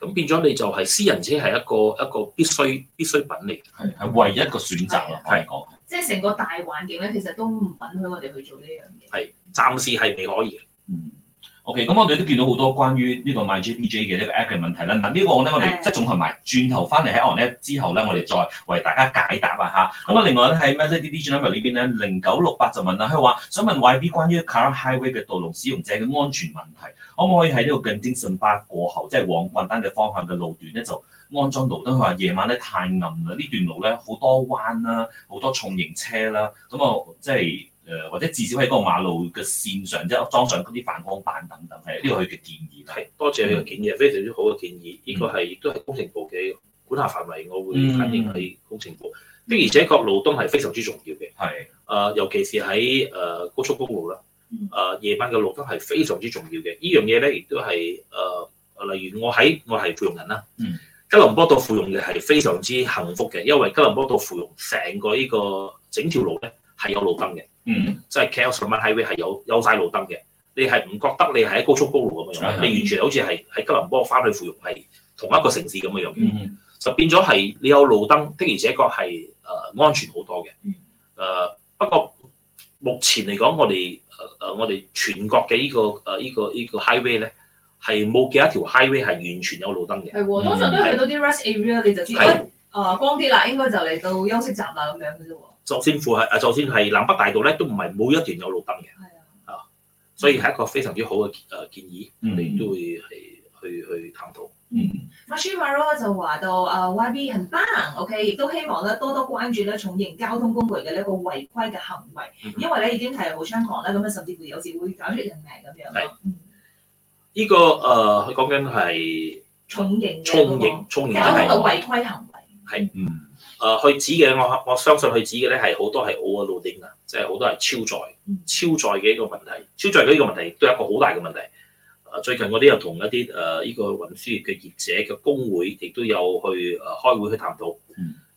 咁變咗你就係私人車係一個一個必須必需品嚟嘅，係唯一一個選擇咯。係即係成個大環境咧，其實都唔允許我哋去做呢樣嘢。係，暫時係未可以嘅。嗯。OK，咁我哋都見到好多關於呢個 MyJPJ 嘅一個 app 嘅問題啦。嗱，呢個咧我哋即係總合埋，轉頭翻嚟喺 online 之後咧，我哋再為大家解答啊嚇。咁啊，另外咧喺 MediTV Number 裡面呢咧，零九六八就問啦，佢話想問 YB 關於 Car Highway 嘅道路使用者嘅安全問題，可唔可以喺呢個近尖沙咀過後，即係往運單嘅方向嘅路段咧，就安裝路燈？佢話夜晚咧太暗啦，呢段路咧好多彎啦、啊，好多重型車啦、啊，咁啊即係。就是誒或者至少喺嗰個馬路嘅線上即係、就是、裝上嗰啲反光板等等係呢個佢嘅建議啦。係多謝你嘅建議，嗯、非常之好嘅建議。呢個係亦都係工程部嘅管轄範圍，我會反映喺工程部。的、嗯、而且確，路燈係非常之重要嘅。係誒是、呃，尤其是喺誒、呃、高速公路啦。誒、呃，夜班夜晚嘅路燈係非常之重要嘅。樣呢樣嘢咧，亦都係誒、呃，例如我喺我係芙蓉人啦。嗯、吉隆坡到芙蓉嘅係非常之幸福嘅，因為吉隆坡到芙蓉成個呢個,個整條路咧。係有路燈嘅，即係騎有十 highway 係有有曬路燈嘅。你係唔覺得你係喺高速公路咁嘅樣？的你完全好似係喺吉隆坡翻去芙蓉係同一個城市咁嘅樣、mm hmm. 就變咗係你有路燈的，而且確係誒安全好多嘅。誒不過目前嚟講，我哋誒我哋全國嘅依個誒依個依個 highway 咧係冇幾多條 highway 係完全有路燈嘅。通常都去到啲 rest area 你就知誒的、呃、光啲啦，應該就嚟到休息站啦咁樣。首先係啊，首先係南北大道咧，都唔係每一段有路燈嘅。係啊，啊，所以係一個非常之好嘅誒建議，你、嗯、都會係去、嗯、去探討。嗯 m a 咯，就話到啊，YB 很棒，OK，亦都希望咧多多關注咧重型交通工具嘅呢個違規嘅行為，因為咧已經係好猖狂啦，咁啊甚至會有時會搞出人命咁樣咯。係。依個佢講緊係重型重型重型嘅一個違規行為。係嗯。誒佢、啊、指嘅，我我相信佢指嘅咧係好多係 overloading 啊，即係好多係超載、超載嘅一個問題。超載嘅呢個問題亦都有一個好大嘅問題。誒最近我啲又同一啲誒呢個運輸業嘅業者嘅工會亦都有去誒、呃、開會去探到探討。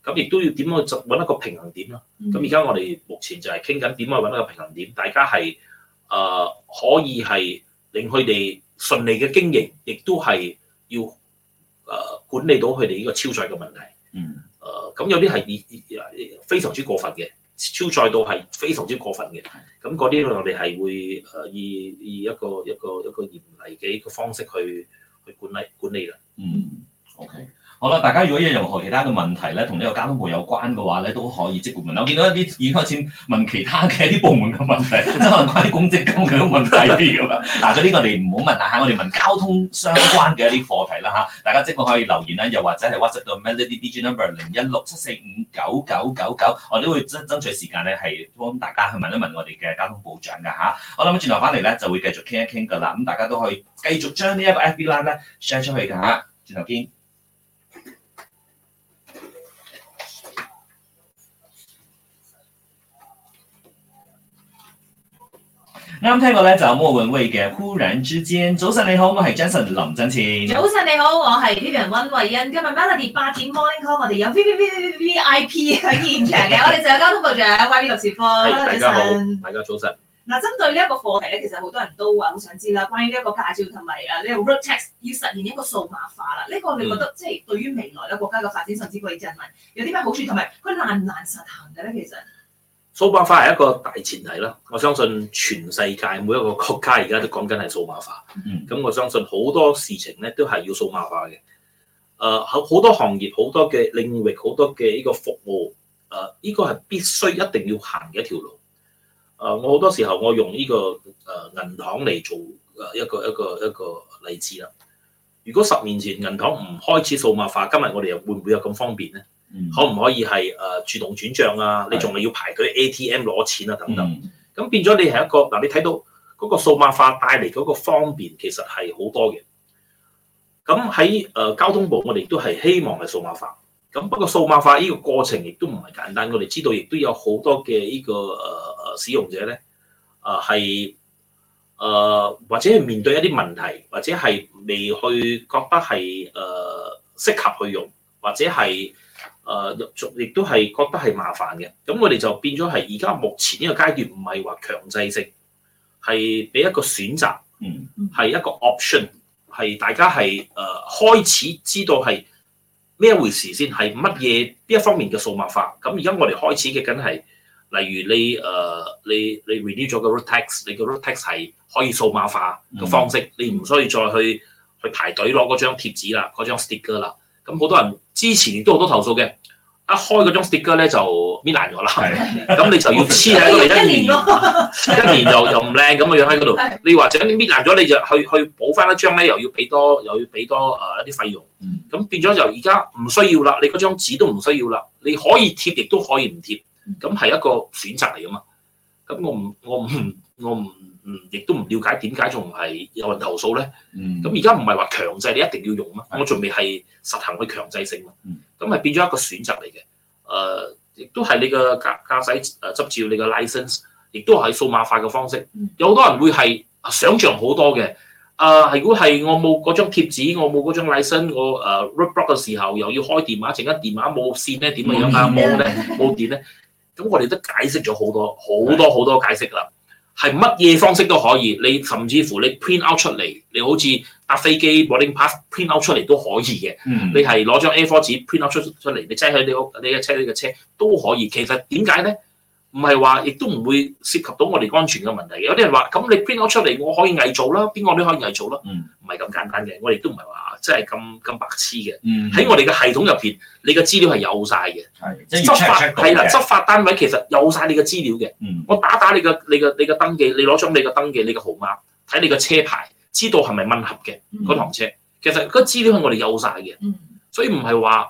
咁亦都要點樣揾一個平衡點咯。咁而家我哋目前就係傾緊點樣揾一個平衡點，大家係誒、呃、可以係令佢哋順利嘅經營，亦都係要誒、呃、管理到佢哋呢個超載嘅問題。嗯。Mm. 誒咁、呃、有啲係非常之過分嘅，超載到係非常之過分嘅，咁嗰啲我哋係會誒以以一個一個一個嚴厲嘅一個方式去去管理管理啦。嗯，OK。好啦，大家如果有任何其他嘅問題咧，同呢個交通部有關嘅話咧，都可以即管問。我見到一啲已經開始問其他嘅一啲部門嘅問題，即可能關於公積金嘅問題啲咁 啊。嗱，咁呢個你唔好問下我哋問交通相關嘅一啲課題啦，嚇、啊。大家即管可以留言啦，又或者係 WhatsApp 到 melody DG number 零一六七四五九九九九，我哋會爭爭取時間咧，係幫大家去問一問我哋嘅交通部長噶嚇。我諗轉頭翻嚟咧，就會繼續傾一傾噶啦。咁大家都可以繼續將呢一個 F B 欄咧 share 出去嘅嚇。轉、啊、頭見。啱聽過咧就莫文蔚嘅忽然之間。早晨你好，我係 Jason 林振前。早晨你好，我係 i v i a n d 温慧欣。今日 Melody 八點 morning call 我哋有 V V V V V I P 喺現場嘅，我哋就有交通部長 Y B 陸志科。大家好，大家早晨。嗱，針對呢一個課題咧，其實好多人都話好想知啦，關於呢一個駕照同埋啊呢個 road test 要實現一個數碼化啦，呢個你覺得即係對於未來咧國家嘅發展甚至乎人類有啲咩好處，同埋佢難唔難實行嘅咧？其實？數碼化係一個大前提啦，我相信全世界每一個國家而家都講緊係數碼化，咁我相信好多事情咧都係要數碼化嘅。誒、呃，好好多行業、好多嘅領域、好多嘅呢個服務，誒、呃，呢個係必須一定要行嘅一條路。誒、呃，我好多時候我用呢個誒銀行嚟做誒一,一個一個一個例子啦。如果十年前銀行唔開始數碼化，今日我哋又會唔會有咁方便咧？可唔可以係誒、呃、自動轉賬啊？的你仲係要排隊 ATM 攞錢啊？等等，咁、嗯、變咗你係一個嗱，你睇到嗰個數碼化帶嚟嗰個方便，其實係好多嘅。咁喺誒交通部，我哋都係希望係數碼化。咁不過數碼化呢個過程亦都唔係簡單。我哋知道亦都有好多嘅依、這個誒、呃、使用者咧，啊係誒或者係面對一啲問題，或者係未去覺得係誒、呃、適合去用，或者係。誒，亦、呃、都係覺得係麻煩嘅，咁我哋就變咗係而家目前呢個階段，唔係話強制性，係俾一個選擇，係、嗯嗯、一個 option，係大家係誒、呃、開始知道係咩回事先，係乜嘢邊一方面嘅數碼化。咁而家我哋開始嘅梗係，例如你誒、呃、你你 renew 咗個 road tax，你個 road tax 係可以數碼化嘅方式，嗯、你唔需要再去去排隊攞嗰張貼紙啦，嗰張 sticker 啦。咁好多人之前亦都好多投訴嘅，一開嗰張 sticker 咧就搣爛咗啦。咁的你就要黐喺嗰度一年，一年又 又唔靚咁嘅樣喺嗰度。的你或者搣爛咗，你就去去補翻一張咧，又要俾多又要俾多誒一啲費用。咁、嗯、變咗就而家唔需要啦。你嗰張紙都唔需要啦。你可以貼亦都可以唔貼，咁係、嗯、一個選擇嚟噶嘛。咁我唔我唔我唔。我嗯，亦都唔了解點解仲唔係有人投訴咧？咁而家唔係話強制你一定要用嘛？我仲未係實行去強制性嘛？咁係變咗一個選擇嚟嘅。誒，亦都係你嘅駕駕駛誒執照，你嘅 license，亦都係數碼化嘅方式。有好多人會係想象好多嘅。誒，如果係我冇嗰張貼紙，我冇嗰張 license，我誒 roadblock 嘅時候又要開電話淨間電話，冇線咧點樣啊？冇咧，冇電咧？咁我哋都解釋咗好多好多好多解釋啦。係乜嘢方式都可以，你甚至乎你 print out 出嚟，你好似搭飛機 boarding pass print out 出嚟都可以嘅。嗯、你係攞張 A4 紙 print out 出出嚟，你擠喺你屋，你嘅車，你嘅車都可以。其實點解咧？唔係話，亦都唔會涉及到我哋安全嘅問題嘅。有啲人話，咁你 print 咗出嚟，我可以偽造啦，邊個都可以偽造啦。唔係咁簡單嘅。我哋都唔係話即係咁咁白痴嘅。喺、嗯嗯、我哋嘅系統入邊，嗯、你嘅資料係有晒嘅。執法係啦，執法單位其實有晒你嘅資料嘅。嗯、我打打你嘅你嘅你嘅登記，你攞張你嘅登記，你嘅號碼，睇你嘅車牌，知道係咪吻合嘅嗰趟車。嗯嗯、其實嗰資料係我哋有晒嘅。嗯、所以唔係話，誒、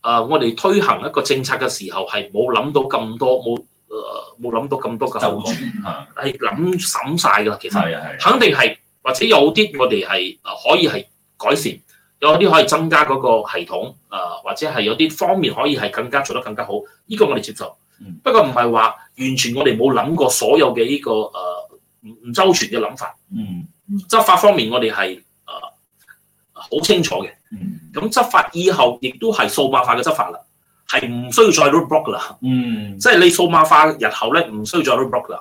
呃、我哋推行一個政策嘅時候係冇諗到咁多冇。誒、冇諗到咁多嘅周全嚇，係諗審曬㗎啦。其實是是是肯定係，或者有啲我哋係、呃、可以係改善，有啲可以增加嗰個系統，誒、呃、或者係有啲方面可以係更加做得更加好。呢、呢個我哋接受，嗯、不過唔係話完全我哋冇諗過所有嘅呢、呢個誒唔、呃、周全嘅諗法嗯。嗯，嗯執法方面我哋係誒好清楚嘅。咁執法以後亦都係數百塊嘅執法啦。係唔需要再 roadblock 噶啦，嗯，即係你數碼化日後咧，唔需要再 roadblock 啦，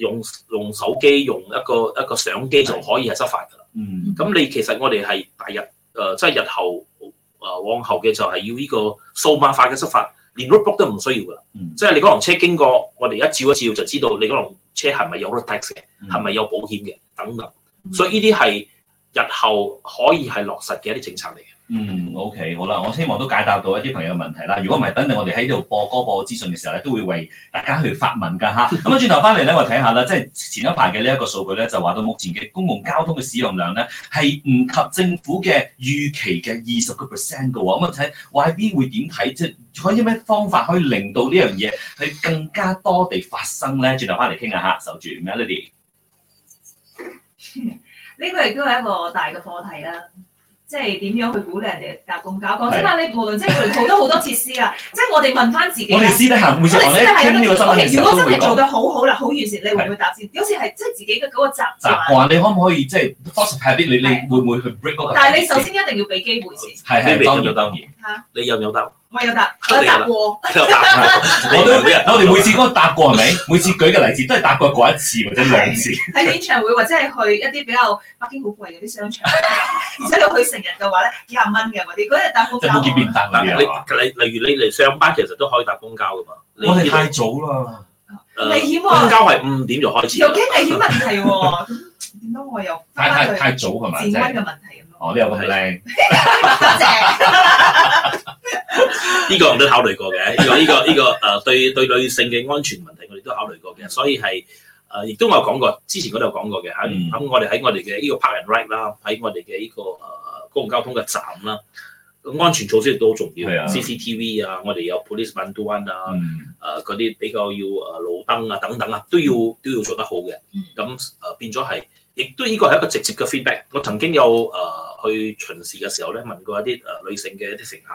用用手機用一個一個相機就可以係執法噶啦，嗯，咁你其實我哋係第日，誒、呃，即、就、係、是、日後，誒、呃，往後嘅就係要呢個數碼化嘅執法，連 roadblock 都唔需要噶啦，嗯、即係你嗰輛車經過，我哋一照一照就知道你嗰輛車係咪有 road tax 嘅，係咪、嗯、有保險嘅，等等，嗯、所以呢啲係日後可以係落實嘅一啲政策嚟嘅。嗯，OK，好啦，我希望都解答到一啲朋友嘅問題啦。如果唔係，等陣我哋喺呢度播歌播資訊嘅時候咧，都會為大家去發問噶吓，咁啊，轉頭翻嚟咧，我睇下啦，即係前一排嘅呢一個數據咧，就話到目前嘅公共交通嘅使用量咧，係唔及政府嘅預期嘅二十個 percent 嘅喎。咁啊睇、啊，YB 會點睇即係可以咩方法可以令到呢樣嘢係更加多地發生咧？轉頭翻嚟傾下嚇，守住 Melody。呢 個亦都係一個大嘅課題啦。即係點樣去鼓勵人哋搭公交？講真啊，你無論即係好多好多設施啊！ 即係我哋問翻自己 我哋私底下，會唔會先？如果真係做得好好啦，好完善，你會唔會搭先？好似係即係自己嘅嗰個習慣，就是。你可唔可以即係 fast track 你你會唔會去 break 嗰個？但係你首先一定要俾機會先。係，係，當然嚇，你有唔有得？ 唔係有搭，有搭過。我都我哋每次嗰個搭過係咪？每次舉嘅例子都係搭過過一次或者兩次。喺演唱會或者係去一啲比較北京好貴嗰啲商場，而且你去成日嘅話咧，幾廿蚊嘅我哋嗰日搭公交。真係變唔得，例如你嚟上班其實都可以搭公交㗎嘛。我哋太早啦。危險喎！公交係五點就開始。有啲危險問題喎，點解我又？太太早係咪？即係治安嘅問題咁咯。哦，你又咁靚。正。呢個我都考慮過嘅，呢個呢個呢個誒，對對女性嘅安全問題，我哋都考慮過嘅，所以係誒，亦都我有講過，之前我都有講過嘅。咁我哋喺我哋嘅呢個 park and ride 啦，喺我哋嘅呢個誒公共交通嘅站啦，安全措施亦都好重要，CCTV 啊，我哋有 police band one 啊，誒嗰啲比較要誒路燈啊等等啊，都要都要做得好嘅。咁誒變咗係，亦都呢個係一個直接嘅 feedback。我曾經有誒去巡視嘅時候咧，問過一啲誒女性嘅一啲乘客。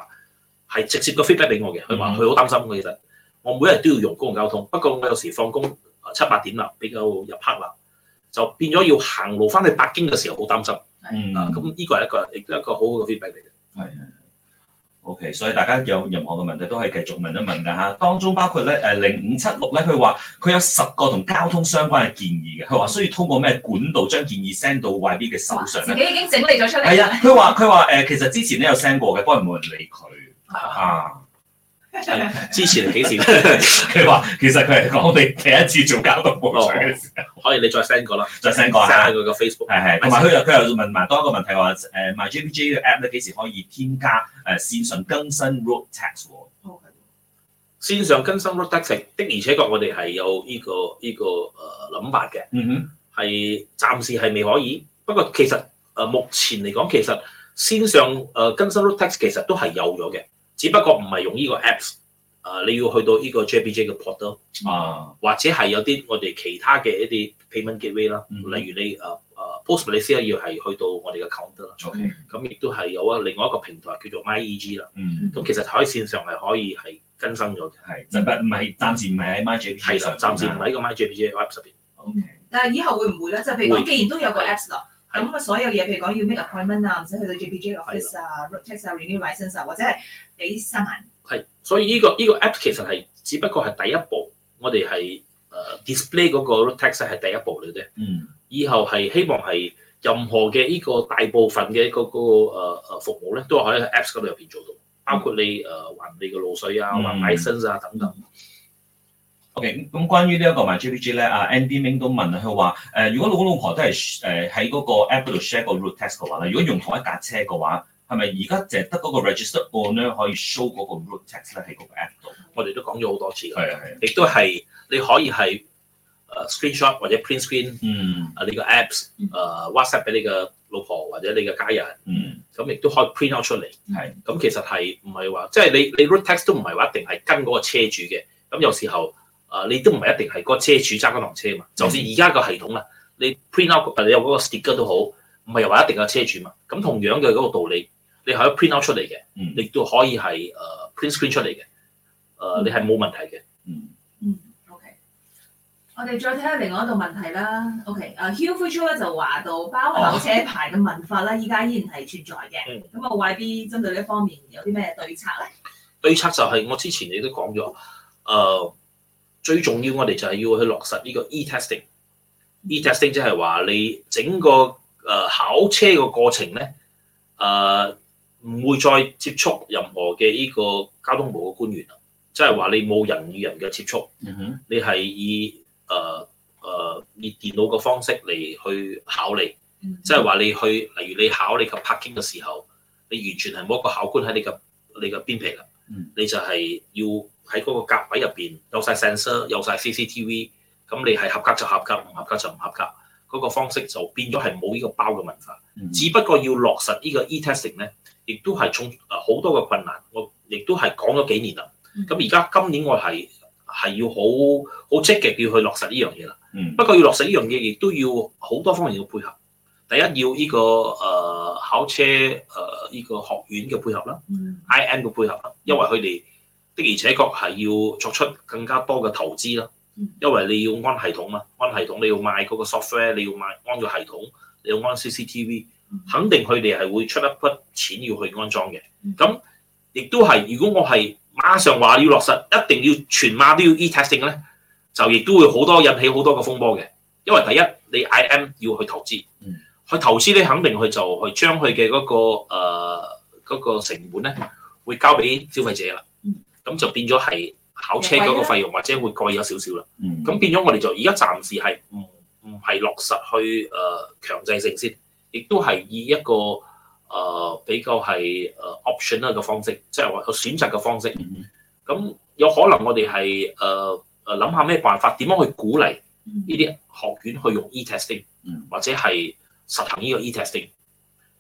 係直接個 feedback 俾我嘅。佢話佢好擔心，其實我每日都要用公共交通，不過我有時放工七八點啦，比較入黑啦，就變咗要行路翻去北京嘅時候好擔心。嗯，咁呢、這個係一個一個好好嘅 feedback 嚟嘅。係 o k，所以大家有任何嘅問題都係繼續問一問㗎嚇。當中包括咧誒零五七六咧，佢話佢有十個同交通相關嘅建議嘅。佢話需要通過咩管道將建議 send 到外 b 嘅手上，自己已經整理咗出嚟。係啊，佢話佢話誒，其實之前都有 send 過嘅，不過冇人理佢。啊！ 之前幾時？佢話 其實佢係講你第一次做交通局嘅時、哦、可以你再 send 個啦，再 send 個下個 Facebook 係係。同埋佢又佢又問埋多一個問題話誒，My J P J 嘅 app 咧幾時可以添加誒、呃、線上更新 road tax 哦，線上更新 road tax 的，而且確我哋係有呢個依個誒諗法嘅。嗯哼，係暫時係未可以。不過其實誒、呃、目前嚟講，其實線上誒更新 road tax 其實都係有咗嘅。只不過唔係用呢個 apps，誒、呃、你要去到呢個 JPJ 嘅 portal，啊或者係有啲我哋其他嘅一啲 payment gateway 啦、嗯，例如你誒誒、uh, uh, post 你先要係去到我哋嘅 counter 得啦，咁亦都係有啊另外一個平台叫做 MyEG 啦、嗯，咁、嗯、其實喺線上係可以係更新咗嘅，係，唔係暫時唔係喺 MyJPJ，係暫時唔喺個 MyJPJ app 入邊，Okay. 但係以後會唔會咧？就譬如講，會既然都有個 apps 啦。咁啊，所有嘢，譬如講要 make appointment 啊，唔使去到 JPJ office 啊的、uh, road tax 啊，renew license 啊，或者係俾新辦。係，所以呢、這個依、這個 app 其實係只不過係第一步，我哋係誒 display 嗰個 road tax 係第一步嚟啫。嗯，以後係希望係任何嘅呢個大部分嘅嗰、那個誒、那個 uh, 服務咧，都可以喺 apps 嗰度入邊做到，包括你誒、uh, 還你嘅路稅啊，還 license、嗯、 e 啊等等。OK，咁關於呢一個 MyJPJ 咧，阿 Andy Ming 都問佢話誒，如果老公老婆都係誒喺嗰個 App 度 share 個 road tax 嘅話咧，如果用同一架車嘅話，係咪而家淨係得嗰個 register owner 咧可以 show 嗰個 road tax 咧喺嗰個 App 度？我哋都講咗好多次，係啊，係，亦都係你可以係 screen shot 或者 print screen，嗯，啊你個 Apps，誒、呃、WhatsApp 俾你個老婆或者你嘅家人，嗯，咁亦都可以 print out 出嚟，係的，咁其實係唔係話即係你你 road tax 都唔係話一定係跟嗰個車主嘅，咁有時候。啊！你都唔係一定係嗰個車主揸嗰輛車嘛？就算而家個系統啦，你 print out，你有嗰個 stick 都、er、好，唔係又話一定有車主嘛？咁同樣嘅嗰個道理，你可以 print out 出嚟嘅，你都可以係誒 print screen 出嚟嘅，誒你係冇問題嘅。嗯嗯，OK，我哋再睇下另外一道問題啦。OK，啊 Hugh Fitzgerald 就話到包攬車牌嘅文化啦，依家依然係存在嘅。咁啊，YB 針對呢方面有啲咩對策咧？對策就係、是、我之前你都講咗，誒、呃。最重要，我哋就係要去落實呢個 e testing。Mm hmm. e testing 即係話你整個誒考車嘅過程咧，誒、呃、唔會再接觸任何嘅呢個交通部嘅官員啦。即係話你冇人與人嘅接觸，mm hmm. 你係以誒誒、呃呃、以電腦嘅方式嚟去考你。即係話你去，例如你考你嘅 parking 嘅時候，你完全係冇一個考官喺你嘅你嘅邊皮，啦。你就係要喺嗰個格位入邊有晒 sensor 有晒 CCTV，咁你係合格就合格，唔合格就唔合格。嗰、嗰個方式就變咗係冇呢個包嘅文化，嗯、只不過要落實呢個 e testing 咧，亦都係重好多嘅困難，我亦都係講咗幾年啦。咁而家今年我係係要好好積極要去落實呢樣嘢啦。嗯、不過要落實呢樣嘢，亦都要好多方面要配合。第一要呢、呢個誒、呃、考車誒依、呃、個學院嘅配合啦，I M 嘅配合啦，mm hmm. 因為佢哋的而且確係要作出更加多嘅投資啦。Mm hmm. 因為你要安系統嘛，安系統你要買嗰個 software，你要買安個系統，你要安 C C T V，肯定佢哋係會出一筆錢要去安裝嘅。咁亦、mm hmm. 都係，如果我係馬上話要落實，一定要全馬都要 e testing 咧，就亦都會好多引起好多個風波嘅。因為第一你 I M 要去投資。Mm hmm. 佢投資咧，肯定佢就去將佢嘅嗰個誒、呃那個、成本咧，會交俾消費者啦。咁就變咗係考車嗰個費用，的或者會貴咗少少啦。咁變咗我哋就而家暫時係唔唔係落實去誒、呃、強制性先，亦都係以一個誒、呃、比較係誒 option 啦嘅方式，即係話個選擇嘅方式。咁有可能我哋係誒誒諗下咩辦法，點樣去鼓勵呢啲學院去用 e testing，、嗯、或者係。實行呢個 e testing，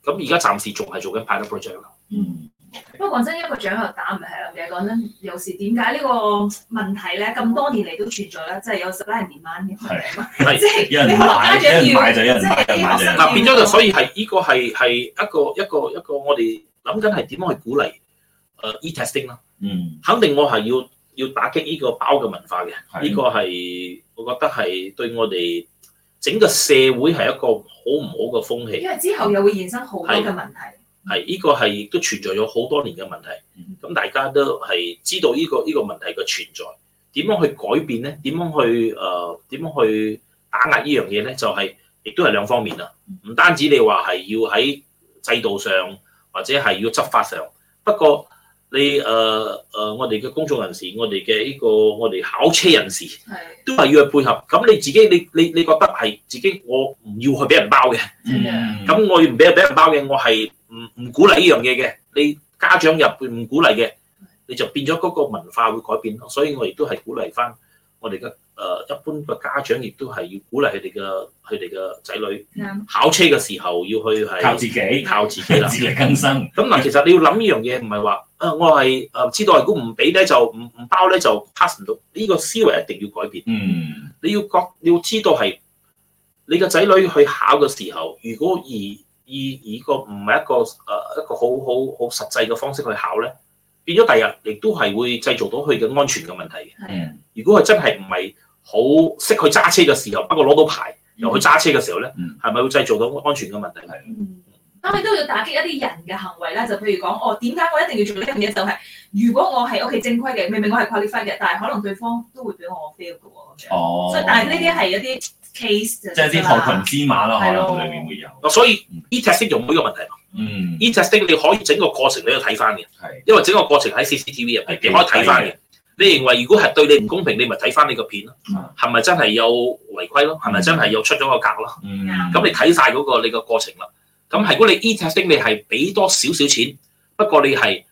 咁而家暫時仲係做緊 pilot project。嗯，不過講真，一個獎又打唔響嘅。講真，有時點解呢個問題咧咁多年嚟都存在咧，即係有十零年晚咁。係係，有人買就有 人買就有人買嗱，變咗就所以係呢個係係一個一個一個我哋諗緊係點樣去鼓勵誒、uh, e testing 啦。Esting，嗯，肯定我係要要打擊呢個包嘅文化嘅。呢的個係我覺得係對我哋整個社會係一個。嗯好唔好嘅風氣？因為之後又會現身好多嘅問題。係，呢個係都存在咗好多年嘅問題。咁大家都係知道呢個呢個問題嘅存在。點樣去改變呢？點樣去誒，點樣去打壓呢樣嘢呢？就係，亦都係兩方面啦。唔單止你話係要喺制度上，或者係要執法上，不過，你誒誒、呃呃，我哋嘅公眾人士，我哋嘅呢個我哋考車人士，都係要去配合。咁你自己，你你你覺得係自己我，我唔要去俾人包嘅。咁我唔俾俾人包嘅，我係唔唔鼓勵呢樣嘢嘅。你家長入邊唔鼓勵嘅，你就變咗嗰個文化會改變咯。所以我亦都係鼓勵返我哋嘅。誒，uh, 一般個家長亦都係要鼓勵佢哋嘅佢哋嘅仔女 Yeah. 考車嘅時候，要去係靠自己，靠自己啦，自力更生。咁嗱，其實你要諗呢樣嘢，唔係話誒，我係誒、呃、知道，如果唔俾咧就唔唔包咧就 pass 唔到。呢、這個思維一定要改變。嗯、mm.，你要覺你要知道係你個仔女去考嘅時候，如果以以以個唔係一個誒、呃、一個好好好實際嘅方式去考咧，變咗第日亦都係會製造到佢嘅安全嘅問題嘅。Mm. Mm. 如果佢真係唔係，好識去揸車嘅時候，不過攞到牌又去揸車嘅時候咧，係咪會製造到安全嘅問題？係，咁你都要打擊一啲人嘅行為咧，就譬如講，哦，點解我一定要做呢樣嘢？就係如果我係屋企正規嘅，明明我係 qualified 嘅，但係可能對方都會俾我 fail 嘅哦，所以但係呢啲係一啲 case，即係啲害羣之馬咯，可能裡面會有。所以 interesting 用呢個問題，嗯 interesting 你可以整個過程你都睇翻嘅，係，因為整個過程喺 CCTV 入邊可以睇翻嘅。你認為如果係對你唔公平，你咪睇翻你個片咯，係咪、嗯、真係有違規咯？係咪、嗯、真係有出咗、嗯個格咯？咁你睇晒嗰個你個過程啦。咁係果你 e t e s t 你係俾多少少錢，不過你係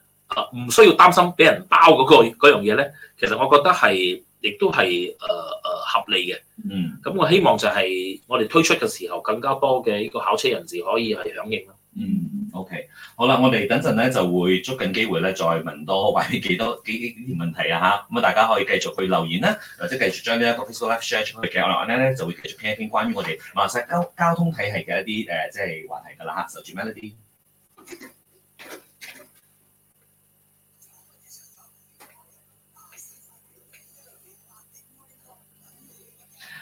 唔需要擔心俾人包嗰、嗰個樣嘢咧。其實我覺得係亦都係誒誒合理嘅。咁、嗯、我希望就係我哋推出嘅時候，更加多嘅呢個考車人士可以係響應咯。嗯，OK，好啦，我哋等陣咧就會捉緊機會咧，再問多埋啲幾多幾幾啲問題啊，吓。咁啊，大家可以繼續去留言啦，或者係繼續將呢一個 Facebook Live share 出去嘅，我哋我咧就會繼續傾一傾關於我哋馬鞍山交交通體系嘅一啲誒，即、呃、係、就是、話題噶啦吓，就住咩呢啲。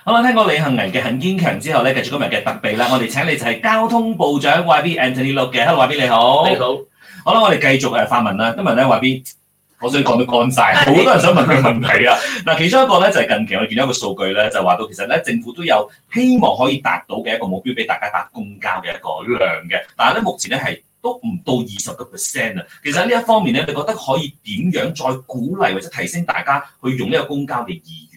好啦，聽過李恆毅嘅《很堅強》之後咧，繼續今日嘅特備啦。我哋請你就係交通部長 YB Anthony Loke 嘅，Hello，YB 你好。你好。好啦，我哋繼續嘅發問啦。今日咧，YB，我想講都講晒，好 多人想問佢問題啊。嗱， 其中一個咧就係、是、近期我見到一個數據咧，就話到其實咧政府都有希望可以達到嘅一個目標，俾大家搭公交嘅一個改量嘅。但係咧目前咧係都唔到二十個 percent 啊。其實呢一方面咧，你覺得可以點樣再鼓勵或者提升大家去用呢個公交嘅意義？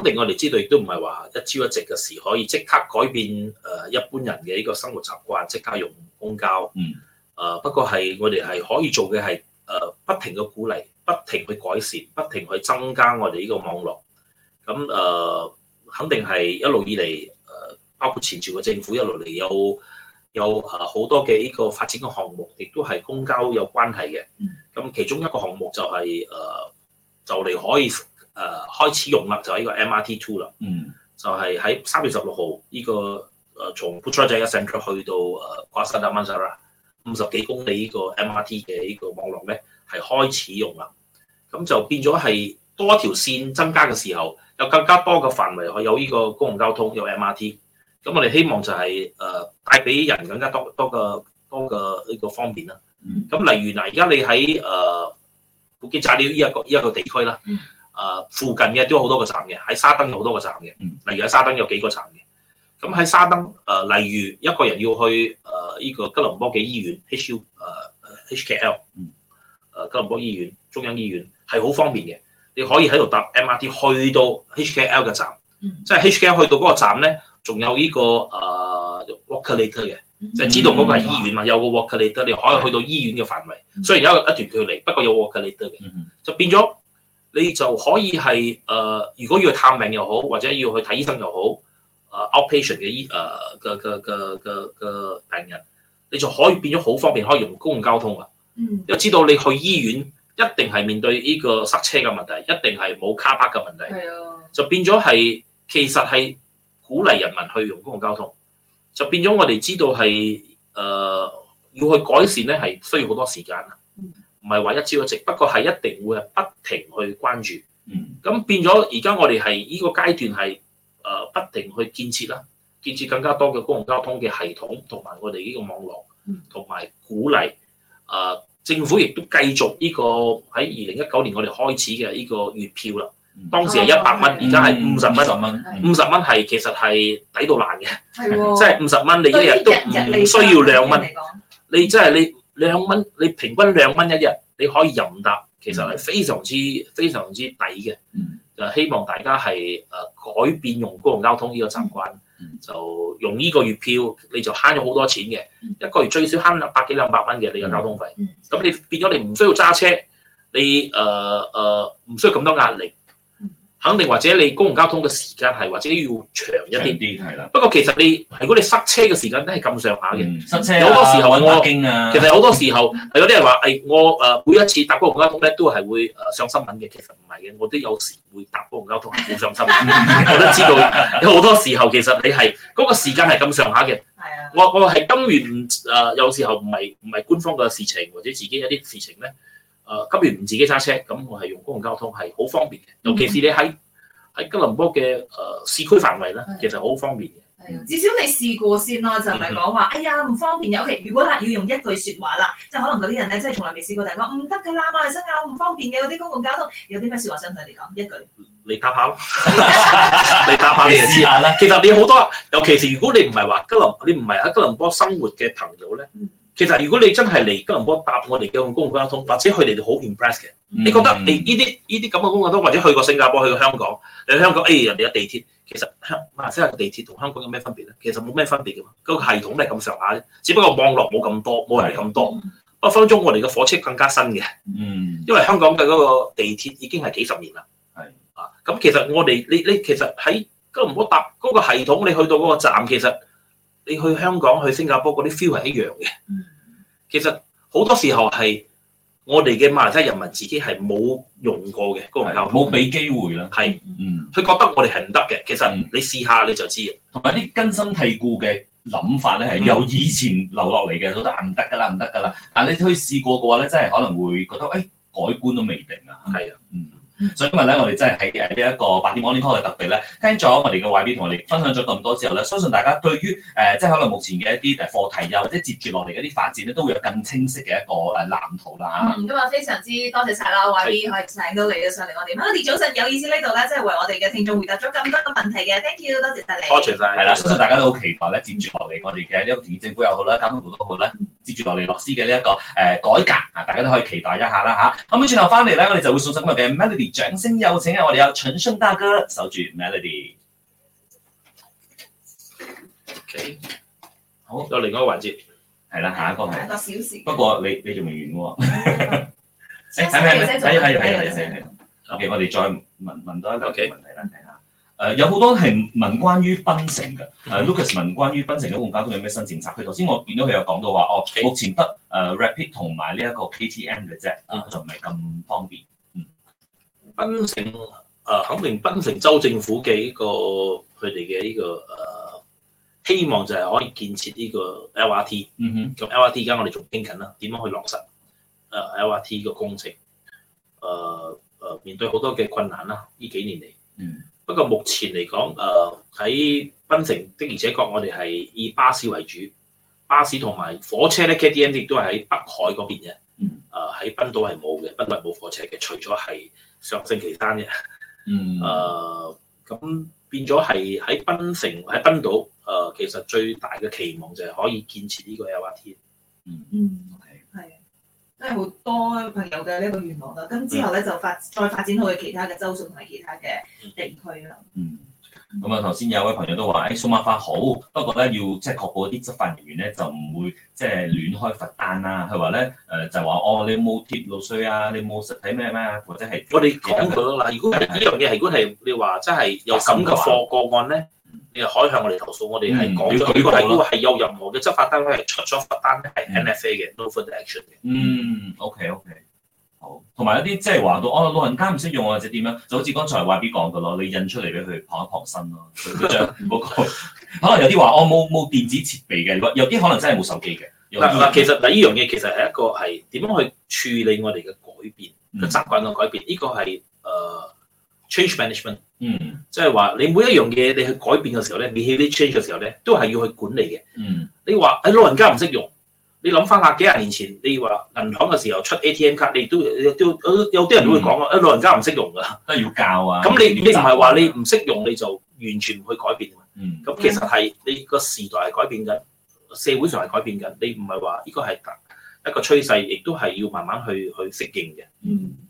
肯定我哋知道，亦都唔係話一朝一夕嘅事，可以即刻改變誒一般人嘅呢個生活習慣，即刻用公交。嗯。誒、啊，不過係我哋係可以做嘅係誒，不停嘅鼓勵，不停去改善，不停去增加我哋呢個網絡。咁誒、啊，肯定係一路以嚟誒、啊，包括前朝嘅政府一路嚟有有誒、啊、好多嘅呢個發展嘅項目，亦都係公交有關係嘅。咁其中一個項目就係、是、誒、啊，就嚟可以。誒、uh, 開始用啦，就係、是、呢個 MRT Two 啦，嗯，就係喺三月十六號，呢、這個誒、呃、從 Putrajaya Central 去到誒瓜沙達曼沙啦，五十幾公里呢個 MRT 嘅呢個網絡咧，係開始用啦。咁就變咗係多一條線增加嘅時候，有更加多嘅範圍，有呢個公共交通，有 MRT。咁我哋希望就係、是、誒、呃、帶俾人更加多多個多個呢個方便啦。咁、嗯、例如嗱，而、呃、家你喺誒、呃、布吉扎裏呢一個呢一、這個地區啦。嗯誒、uh, 附近嘅都有好多個站嘅，喺沙登有好多個站嘅。例如喺沙登有幾個站嘅，咁喺沙登，誒、呃，例如一個人要去誒依、呃、個吉隆坡嘅醫院 H U、uh, H K L，嗯。誒吉隆坡醫院、中央醫院係好方便嘅，你可以喺度搭 M R T 去到 H K L 嘅站，即係、嗯、H K L 去到嗰個站咧，仲有呢、呢個誒 Walker Later 嘅，uh, 嗯、就知道嗰個係醫院嘛，有個 Walker Later 你可以去到醫院嘅範圍，嗯、雖然有一段距離，不過有 Walker Later 嘅，就變咗。你就可以係誒、呃，如果要去探病又好，或者要去睇醫生又好，誒、呃、outpatient 嘅醫誒嘅嘅嘅嘅病人，你就可以變咗好方便，可以用公共交通啊。嗯。因為知道你去醫院一定係面對呢個塞車嘅問題，一定係冇 car park 嘅問題。係啊。就變咗係，其實係鼓勵人民去用公共交通，就變咗我哋知道係誒、呃、要去改善咧，係需要好多時間唔係話一朝一夕，不過係一定會不停去關注。嗯，咁變咗而家我哋係呢個階段係誒、呃、不停去建設啦，建設更加多嘅公共交通嘅系統同埋我哋呢個網絡，同埋、嗯、鼓勵誒、呃、政府亦都繼續呢個喺二零一九年我哋開始嘅呢個月票啦。當時係一百蚊，而家係五十蚊。五十蚊，五十蚊係其實係抵到爛嘅，即係五十蚊你一日都唔需要兩蚊，嗯、你即係你。嗯兩蚊，你平均兩蚊一日，你可以任搭，其實係非常之非常之抵嘅。就希望大家係誒改變用公共交通呢個習慣，就用呢個月票，你就慳咗好多錢嘅。一個月最少慳百幾兩百蚊嘅你嘅交通費。咁你變咗你唔需要揸車，你誒誒唔需要咁多壓力。肯定或者你公共交通嘅時間係或者要長一啲，長啲係啦。不過其實你如果你塞車嘅時間都係咁上下嘅，塞車啊，揾我、啊、驚啊，啊！其實好多時候，有啲人話誒、哎，我誒、啊、每一次搭公共交通咧都係會誒上新聞嘅，其實唔係嘅，我都有時會搭公共交通好上新聞。 我都知道有好多時候其實你係嗰、那個時間係咁上下嘅。係啊的，我我係當然誒，有時候唔係唔係官方嘅事情或者自己一啲事情咧。誒，急完唔自己揸車，咁我係用公共交通，係好方便嘅。尤其是你喺喺吉隆坡嘅誒市區範圍咧，的其實好方便嘅。係，至少你試過先啦，就唔係講話，哎呀，唔方便尤其，OK，如果啦要用一句説話啦，即係可能有啲人咧，即係從來未試過，就係講唔得嘅啦，馬來西亞唔方便嘅嗰啲公共交通。有啲咩説話想同你哋講一句？你打下咯， 你打下你就知下啦。其實你好多，尤其是如果你唔係話吉隆，你唔係喺吉隆坡生活嘅朋友咧。嗯其實如果你真係嚟吉隆坡搭我哋嘅公共交通，或者佢哋好 impress 嘅。你覺得你呢啲呢啲咁嘅公共交通，或者去過新加坡、去過香港，你香港誒、哎、人哋有地鐵，其實馬來西亞地鐵同香港有咩分別咧？其實冇咩分別嘅，嗰個系統都咁上下啫，只不過網絡冇咁多，冇人咁多。不過、嗯、分分鐘我哋嘅火車更加新嘅，嗯，因為香港嘅嗰個地鐵已經係幾十年啦。係的啊，咁其實我哋你你，你其實喺吉隆坡搭嗰、嗰個系統，你去到嗰個站其實。你去香港、去新加坡嗰啲 feel 係一樣嘅。嗯、其實好多時候係我哋嘅馬來西亞人民自己係冇用過嘅，冇俾的機會啦。係的，嗯，佢覺得我哋係唔得嘅。其實你試下你就知。同埋啲根深蒂固嘅諗法咧，係由以前留落嚟嘅，覺得唔得㗎啦，唔得㗎啦。但你去試過嘅話咧，真係可能會覺得，誒改觀都未定啊。係啊的，嗯。所以今日咧，我哋真係喺誒呢一個八點 online call 嘅特別咧，聽咗我哋嘅 YB 同我哋分享咗咁多之後咧，相信大家對於誒即係可能目前嘅一啲誒課題啊，或者接住落嚟一啲發展咧，都會有更清晰嘅一個誒藍圖啦。嗯，今日非常之多謝晒啦，YB，可以請到你嘅上嚟我哋。Melody 早晨，有意思呢度咧，即係為我哋嘅聽眾回答咗咁多個問題嘅，thank you，多謝曬你。多謝曬，係啦，相信大家都好期待咧，接住落嚟我哋嘅因為政府又好啦，交通局都好啦，接住落嚟落師嘅呢一個誒改革啊，大家都可以期待一下啦嚇。咁轉頭翻嚟咧，我哋就會送上今日嘅掌聲有請啊！我哋有蠢勝大哥守住 Melody。Okay. 好，到另一個環節，係啦，下一個係。一個小時。不過你你仲未完喎。係 咪、 哎？係係係。O.K.，我哋再問問多一個問題啦。誒，Okay. uh, 有好多係問關於檳城嘅。誒、uh,，Lucas 問關於檳城公共交通有咩新政策？佢頭先我見到佢有講到話，哦，目前得誒 Rapid 同埋呢一個 KTM 嘅啫，Okay. uh, 就唔係咁方便。檳城啊、呃，肯定檳城州政府嘅呢個佢哋嘅呢個誒、呃、希望就係可以建設呢個 LRT。嗯哼。咁 LRT 而家我哋仲傾緊啦，點樣去落實誒、呃、LRT 嘅工程？誒、呃、誒、呃，面對好多嘅困難啦，呢幾年嚟。嗯。不過目前嚟講，誒喺檳城的而且確，我哋係以巴士為主，巴士同埋火車咧 KTM 亦都係喺北海嗰邊嘅。嗯、呃。喺檳島係冇嘅，檳島冇火車嘅，除咗係。上星期三嘅，嗯，誒、呃，咁變咗係喺檳城喺檳島，誒、呃，其實最大嘅期望就係可以建設呢個 LRT，嗯，係係、嗯，真係好多朋友嘅呢個願望啦。咁之後咧、嗯、就發再發展去其他嘅州屬同埋其他嘅地區啦、嗯。嗯。咁啊，頭先有位朋友都話，誒數碼化好，不過咧要即係確保啲執法人員咧就唔會即係、就是、亂開罰單啦、啊。佢話咧誒就話哦，你冇貼路稅啊，你冇實體咩咩啊，或者係我哋講佢啦。如果呢樣嘢係，如果係你話真係有咁嘅貨個案咧，你係可以向我哋投訴。嗯、我哋係講咗，如果係有任何嘅執法單位係出咗罰單，係 NFA 嘅，no further action 嘅。嗯，OK OK。同埋有啲即係話到，哦老人家唔識用或者點樣，就好似剛才 YB 講嘅咯，你印出嚟俾佢旁一旁身咯， 可能有啲話，我冇冇電子設備嘅，有啲可能真係冇手機嘅。嗱，其實嗱依樣嘢其實係一個係點樣去處理我哋嘅改變，嘅、嗯、習慣嘅改變，呢、呢個係誒、uh, change management，嗯，即係話你每一樣嘢你去改變嘅時候咧，behaviour change 嘅時候咧，都係要去管理嘅，嗯，你話誒老人家唔識用。你諗翻下，幾廿年前，你話銀行嘅時候出 ATM 卡，你都你都有啲人都會講啊，嗯、老人家唔識用噶，都要教啊。咁你你唔係話你唔識用你就完全唔去改變啊？嗯。咁其實係你個時代係改變緊，社會上係改變緊。你唔係話呢個係一個趨勢，亦都係要慢慢去去適應嘅。嗯。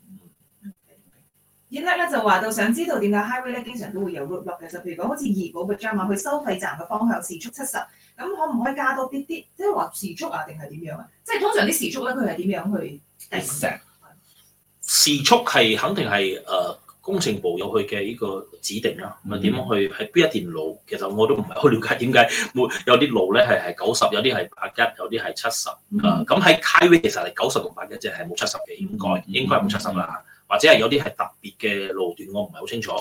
演叻咧就話到，想知道點解 highway 咧經常都會有錄落嘅，就譬如講好似二寶嘅張嘛，去收費站嘅方向時速七十，咁可唔可以加多啲啲？即係話時速啊，定係點樣啊？即係通常啲時速咧，佢係點樣去 set、嗯嗯、時速係肯定係誒、呃、工程部有佢嘅呢個指定啦，咁點樣去喺邊一段路？其實我都唔係好了解點解會有啲路咧係係九十，有啲係八一，有啲係七十啊。咁喺 highway 其實係九十同八一，即係冇七十嘅，應該應該冇七十啦。嗯嗯或者係有啲係特別嘅路段，我唔係好清楚。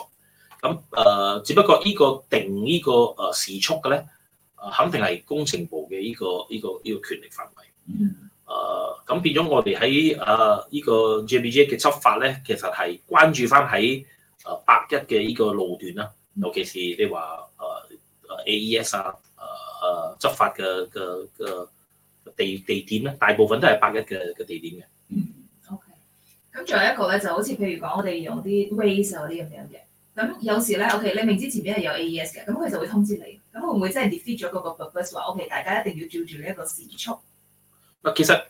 咁誒、呃，只不過呢個定呢、這個誒、呃、時速嘅咧，誒、呃、肯定係工程部嘅呢、這個呢、這個呢、這個權力範圍。誒、呃、咁變咗，我哋喺誒呢個 JBJ 嘅執法咧，其實係關注翻喺誒八一嘅呢個路段啦，尤其是你話誒、呃、AES 啊誒誒、呃、執法嘅嘅嘅地地點咧，大部分都係八一嘅嘅地點嘅。咁仲有一個咧，就好似譬如講，我哋用啲 Waze 嗰啲咁樣嘅。咁有時咧，O.K. 你明知前邊係有 A.E.S. 嘅，咁佢就會通知你。咁會唔會真係 defeat 咗嗰個 purpose 話 O.K. 大家一定要照住呢一個時速？嗱，其實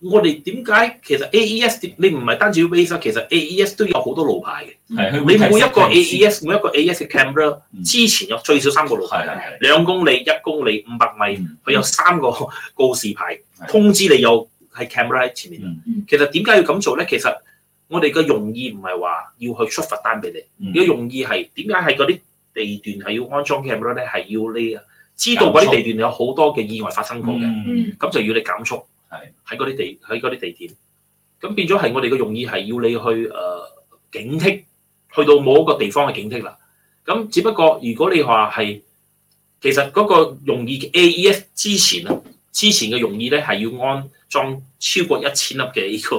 我哋點解其實 A.E.S. 你唔係單止要 Waze，其實 A.E.S. 都有好多路牌嘅。嗯、你每一個 A.E.S.、嗯、每一個 A.E.S. 嘅 camera、嗯、之前有最少三個路牌，嗯、兩公里、一公里、五百米，佢、嗯、有三個告示牌通知你有。係 camera，喺前面，其實點解要咁做咧？其實我哋嘅用意唔係話要去出罰單俾你，佢、嗯、用意係，點解係嗰啲地段係要安裝 camera 咧？係要你知道嗰啲地段有好多嘅意外發生過嘅，咁速就要你減速。係喺嗰啲地，喺嗰啲地點，咁變咗係我哋嘅用意係要你去誒、呃、警惕，去到某一個地方嘅警惕啦。咁只不過如果你話係，其實嗰個用意 A E S 之前啊。之前嘅用意咧，係要安裝超過一千粒嘅呢個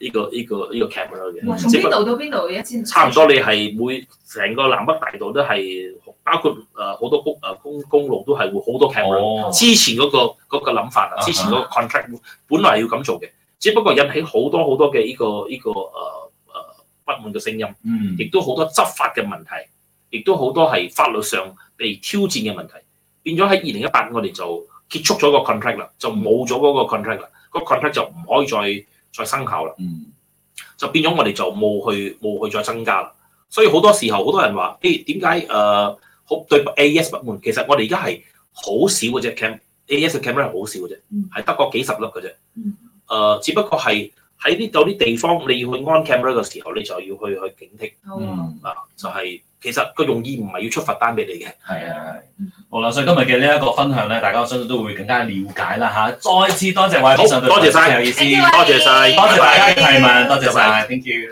呢個呢個呢個 camera 嘅。嗯、不從邊度到邊度一千？1，差唔多你係會成個南北大道都係，包括誒好、呃、多公誒公、呃、公路都係會好多 camera、哦。之前嗰、那個嗰諗、那個、法啊，哦、之前嗰個 contract 本來要咁做嘅，嗯、只不過引起好多好多嘅呢、這個呢、這個誒誒、呃呃、不滿嘅聲音。亦、嗯、都好多執法嘅問題，亦都好多係法律上被挑戰嘅問題，變咗喺二零一八我哋就。結束咗個 contract 啦，就冇咗嗰個 contract 啦，個 contract 就唔可以再再生效啦，就變咗我哋就冇去冇去再增加啦。所以好多時候，好多人話誒點解誒好對 AS 不滿？其實我哋而家係好少嘅啫、嗯、，cam AS 嘅 camera 好少嘅啫，係得嗰幾十粒嘅啫，誒、呃、只不過係。喺啲有啲地方你要去安 camera 嘅時候，你就要去去警惕。嗯，啊，就係其實個用意唔係要出罰單俾你嘅。係啊，係。好啦，所以今日嘅呢一個分享咧，大家相信都會更加了解啦嚇。再次多謝我嘅主持人，多謝晒！有意思，多謝晒！多謝大家嘅提問，多謝晒！thank you。